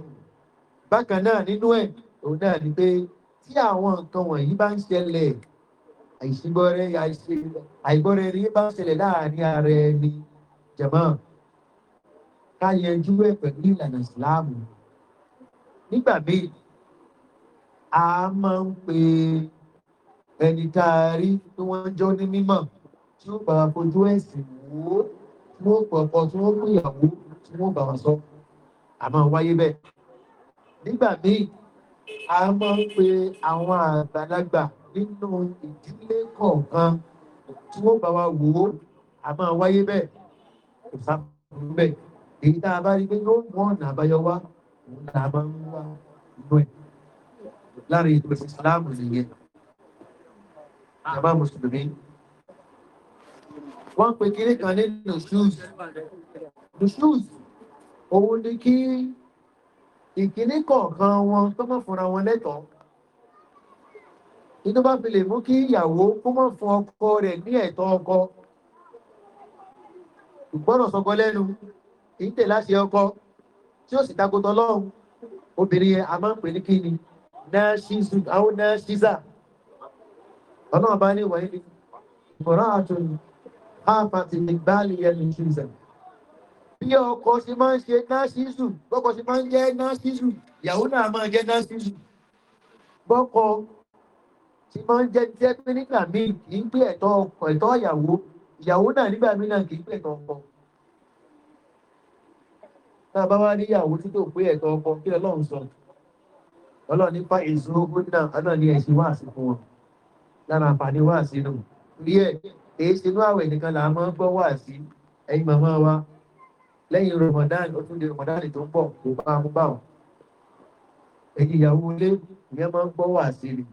bákan náà nínú ẹ̀ òun náà ni pé tí àwọn nǹkan wọ̀nyí bá ń ṣẹlẹ̀ àìsígbọ́rẹ́ àìgbọ́rẹ́ rí bá ń ṣẹlẹ̀ láàrin ara ẹni jẹ̀mọ́ ká yanjú ẹ̀ pẹ̀lú ìlànà ìsìláàmù nígbà míì a máa ń pe ẹni tá a rí tí wọ́n jọ ní mímọ̀ tí ó bá fojú ẹ̀sìn wò ó tí wọ́n pọ̀ ọkọ tí wọ́n pè ìyàwó tí wọ́n bá wọn sọ àmọ́ wáyé bẹ́ẹ̀ nígbà míì a máa ń pe àwọn àgbàlagbà nínú ìdílé kọ̀ọ̀kan tí wọ́n bá wa wò ó àmọ́ wáyé bẹ́ẹ̀ kò sábà bẹ́ẹ̀ èyí tá a bá rí pé yóò mú ọ̀nà àbáyọ wá òun là á máa ń wá inú ẹ̀ lára ètò ìsìláàmù nìyẹn àbá mùsùlùmí wọ́n pe kiri kan ní nushuz nushuz òun ni kí ìkíní kọ̀ọ̀kan wọn tó mọ̀ fúnra wọn lẹ́tọ̀ọ́ inú bá fi lè mú kí ìyàwó kó mọ̀ fún ọkọ rẹ̀ ní ẹ̀tọ́ ọkọ ìgbọ́dọ̀ sọkọ lẹ́nu ìtẹ̀ láti ọkọ tí ó sì takotọ lọ́hùn obìnrin yẹn a máa ń pè ní kí ni náà ṣíṣù àwọn náà ṣíṣà ọlọ́run bá ní wọ̀nyí ni ìmọ̀ràn àtúnyì àfàtì ìgbàlì yẹn ní ṣíṣà bí ọkọ ṣe máa ń ṣe náà ṣíṣù bọ́kọ ṣe máa ń jẹ́ náà ṣíṣù ìyàwó náà máa jẹ́ náà bọ́kọ ṣe máa ń jẹ́ jẹ́ pé nígbà míì kì í pé ẹ̀tọ́ ìyàwó ìyàwó náà nígbà míì náà kì í pé ẹ̀tọ́ ọkọ tá a bá wá rí ìyàwó tí kò pé ẹ̀tọ́ ọkọ kí ọlọ́run sọ ọlọ́run nípa èso ogun náà ọlọ́run ní ẹ̀sìn wá sí fún wọn lára àǹfààní wá sí nù rí ẹ̀ èyí sinú àwẹ̀ nìkan là máa ń gbọ́ wá sí ẹ̀yin màmá wa lẹ́yìn ramadan ó tún di ramadan tó ń bọ̀ kò bá mú bá wọn ẹ̀yin ìyàwó ilé ìyẹn máa ń gbọ́ wá sí ni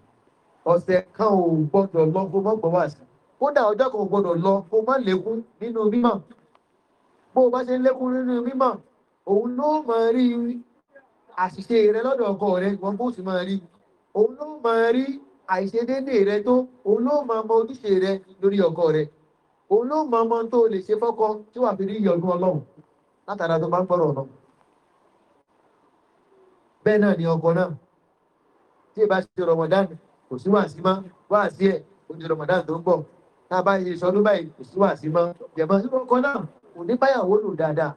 ọ̀sẹ̀ kan ò gbọ́dọ̀ lọ kó mọ́ gbọ́ wá sí kódà ọjọ́ kan ò gbọ́dọ̀ lọ kó má lékún nínú mímọ̀ bó o bá ṣe lékún nínú mímọ̀ òun ló máa rí àṣìṣe rẹ lọ́dọ̀ ọkọ rẹ wọn bó sì máa rí òun ló máa rí àìṣedédé rẹ tó òun ló máa mọ ojúṣe rẹ lórí ọkọ rẹ òun ló máa mọ tó lè ṣe fọ́kọ tí wà fi rí ìyọdún ọlọ́run látara tó bá ń gbọ́rọ̀ ọ̀nà bẹ́ẹ̀ náà ni ọkọ náà tí ìbá ṣe rọmọdán kò sí wàásí mọ́ wàásí ẹ̀ oúnjẹ rọmọdán tó ń bọ̀ tá a bá ṣe sọdún báyìí kò sí wàásí mọ́ jẹ̀mọ́ sí ọkọ náà kò ní báyàwó lò dáadáa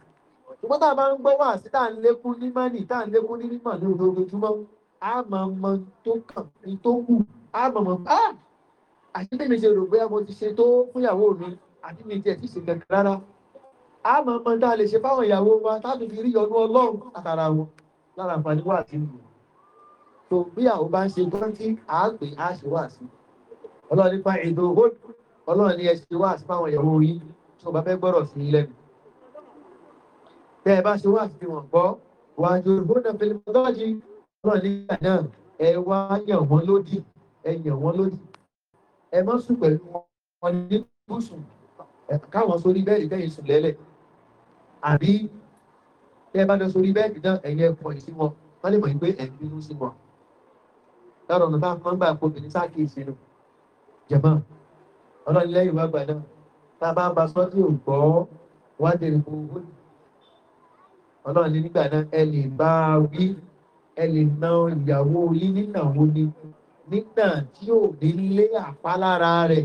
ṣùgbọ́n tá a bá ń gbọ́ wà sí tá à ń lékún ní mọ́nì tá à ń lékún ní mímọ̀ ní ojoojúmọ́ a mọ̀ mọ tó kàn ní tó kù a mọ̀ mọ̀ á àṣírí mi ṣe rò bóyá mo ti ṣe tó fúnyàwó mi àti mi tiẹ̀ ti ṣe kankan rárá a mọ̀ mọ tá a lè ṣe fáwọn ìyàwó wa tábí fi rí ọdún ọlọ́run àtàrà wọn lára àǹfààní wà sí ìlú tó bí àwọn bá ń ṣe gbọ́n tí a pè á ṣe wà sí ọlọ́run nípa ètò ọlọ́run ni ẹ ṣe wà sí fáwọn ìyàwó yìí tó bá fẹ́ gbọ́rọ̀ sí lẹ́nu tẹ́ ẹ bá ṣe wá àti wọn gbọ́ wà á yóò gbóná fẹlẹ́mọ́tọ́jì náà nígbà náà ẹ wá yàn wọ́n lódì ẹ yàn wọ́n lódì ẹ mọ́ sùn pẹ̀lú wọn ní gúúsù káwọn sórí bẹ́ẹ̀lì tẹ́yìn sùn lẹ́lẹ̀ àbí tẹ́ ẹ bá lọ sórí bẹ́ẹ̀lì náà ẹ̀yẹ ẹ̀kọ́ yìí sí wọn wọ́n lè mọ̀ pé ẹ̀ ń bínú sí wọn lọ́rọ̀ ọ̀nà táwọn máa gbà obìnrin sákèsí nù jẹ̀mọ́ ọlọ́run lẹ́yìn wá ọlọ́run ní nígbà náà ẹ bá wí ẹ na ìyàwó yín nínàwó ni nígbà tí ò ní lé àpá lára rẹ̀.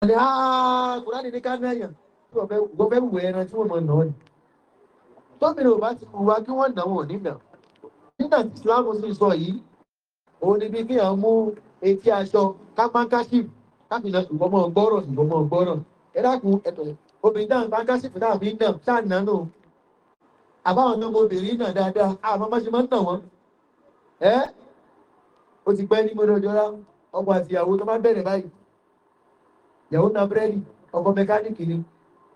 ọ̀lẹ́ àkùrá ní ní kámẹ́yàn tí wọ́n fẹ́ wù ẹran tí wọ́n mọ̀ náà ni. tóbìnrin ò bá ti wù wá kí wọ́n náwó nínà. nínà tí ìsìláàmù sì sọ yìí òun ni bí kí à ń mú etí aṣọ kápáńkáṣì káfíńsà ṣùgbọ́n mọ́ gbọ́rọ̀ ṣùgbọ́n mọ́ gbọ́rọ̀ ẹ ẹ̀tọ́ obìnrin dáhùn bá gásìfù dáhùn bí náà sáà nánú àbáwọn náà mo bèèrè náà dáadáa àmọ́ má ṣe máa ń tàn wọ́n ẹ́ ó ti pẹ́ ní mo lọ́jọ́ rá ọkọ̀ àti ìyàwó tó máa bẹ̀rẹ̀ báyìí ìyàwó náà búrẹ́dì ọkọ̀ mẹkáníìkì ni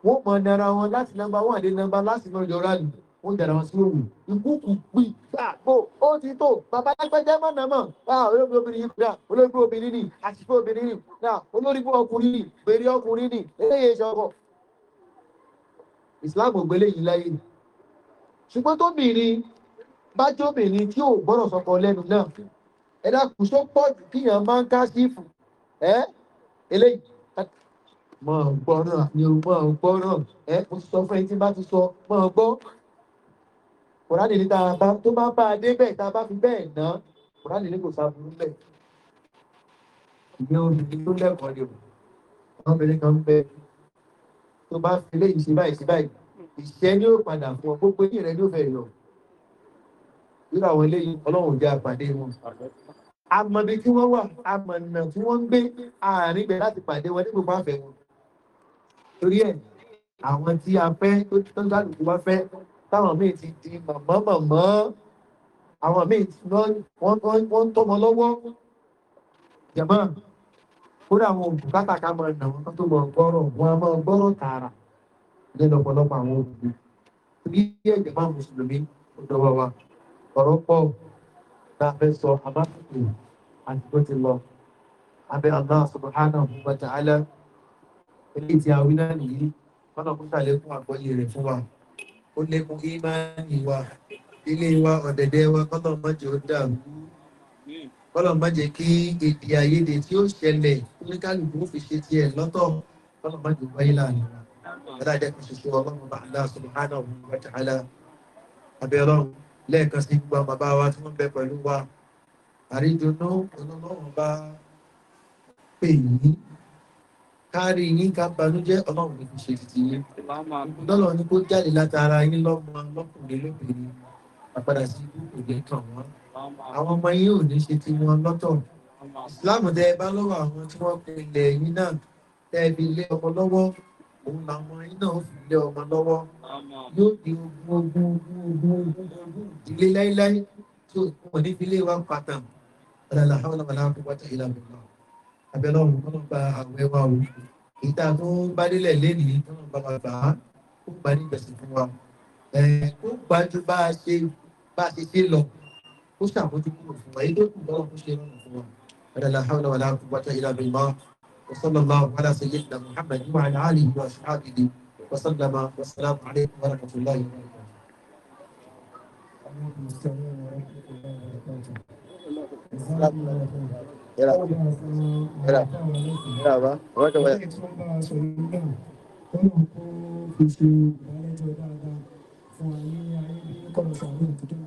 wọ́n mọ̀ nara wọn láti nọmba wọn àdé nọmba láti lọ́jọ́ rá ni wọ́n jàdá wọn sí òwò ìkúkú pì gbàgbó ó ti tó bàbá lágbẹ́jẹ́ mọ̀nà mọ̀ olóògbé obìnrin yìí náà olóògbé obìnrin ni àṣìfẹ́ obìnrin ni náà olórí ọkùnrin ni bèrè ọkùnrin ni eléyè ìṣọkọ̀ islam ò gbélé yìí láyé ṣùgbọ́n tóbìnrin bá jóbìnrin tí ò gbọ́dọ̀ sọkọ lẹ́nu náà ẹ̀dá kù só pọ̀ jù kíyàn máa ń ká sífù ẹ́ eléyìí mọ̀ gbọ́ràn ni o mọ̀ gbọ́ràn ẹ́ mo ti sọ fún ẹni tí bá ti sọ mọ̀ gbọ́ kòránì ní tàbá tó bá bá a dé bẹ́ẹ̀ tá a bá fi bẹ́ẹ̀ ná kòránì ní kò sábúrú bẹ́ẹ̀ ìgbé obìnrin tó lẹ́kọ̀ọ́ ni o tó bá fi léyìí ṣe báyìí ṣe báyìí ìṣẹ́ ni ó padà fún ọ gbogbo eyín rẹ ní òfẹ́ yọ nínú àwọn eléyìí ọlọ́run jẹ́ àpàdé wọn amọ̀bi tí wọ́n wà amọ̀nà tí wọ́n ń gbé àárín ibẹ̀ láti pàdé wọn ní gbogbo àfẹ́ wọn torí ẹ̀ àwọn tí a fẹ́ tó tó lálùkù wá fẹ́ táwọn míì ti di màmọ́ àwọn míì wọ́n tọ́mọ lọ́wọ́ jẹ̀mọ́ kódà àwọn òbúkátà ká máa nà wọn tó mọ gbọ́rọ̀ wọn a máa gbọ́rọ̀ tààrà ní lọ́pọ̀lọpọ̀ àwọn obìnrin torí ẹ̀jẹ̀ máa mùsùlùmí ó wa ọ̀rọ̀ pọ̀ tá a sọ àbáfíkù àti bó ti lọ abẹ́ Allah subhanahu wa ta'ala eléyìí tí a wí náà nìyí wọn náà kó sàlékún àgbọ́yé rẹ̀ fún wa ó lékún ìmáànì wa ilé wa ọ̀dẹ̀dẹ̀ wa kọ́nà mọ́jọ́ dàrú kọ́lọ̀ má jẹ́ kí èdè àìyedè tí ó ṣẹlẹ̀ oníkálùkù ó fi ṣe tiẹ̀ lọ́tọ̀ kọ́lọ̀ má jẹ́ wáyé láàrin wa ọ̀dà jẹ́ kó ṣoṣo ọlọ́run bá àlá subhanahu wa ta'ala abẹ́ ọlọ́run lẹ́ẹ̀kan sí gbogbo bàbá wa tí wọ́n bẹ pẹ̀lú wa àrídùnú ọlọ́run bá pè yí kárí yín ká banújẹ́ ọlọ́run ní kò ṣe títí yín lọ́lọ́ ni kó jáde látara yín lọ́mọ lọ́kùnrin lóbìnrin àpadà sí ibú tàn wọ́n àwọn ọmọ yìí ò ní ṣe ti wọn lọ́tọ̀ lámùdẹ bá lọ́wọ́ àwọn tí wọ́n pe ilẹ̀ yín náà tẹ́ẹ̀bi lé ọmọ lọ́wọ́ òun làwọn yín náà fi lé ọmọ lọ́wọ́ yóò di ogun ogun ogun ogun ogun ìdílé láíláí tí òun ní fi lé wa pàtàn ọ̀dàlà àwọn ọlọ́mọdé àwọn akọ̀wé àtàyè làwọn ọ̀dọ́ abẹ́lẹ́ ọ̀hún kọ́nà gba àwẹ̀ wa o ìta tó ń bá lẹ́nìí kọ́nà gba wa gbà á ó gbà ní مستعبدون مفهوم أيضا وضعوا مشيرون مفهوم فلا لا حول ولا قوة إلا بالله وصلى الله على سيدنا محمد وعلى آله وأصحابه وسلم والسلام عليكم ورحمة الله وبركاته اللهم استعين ورحمة الله وبركاته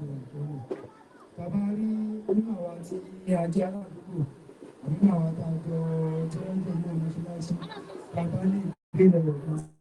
nínú àwa tí ajé aládùúgbò nínú àwa tá a jọ tí wọ́n ń tẹ̀lé ọmọ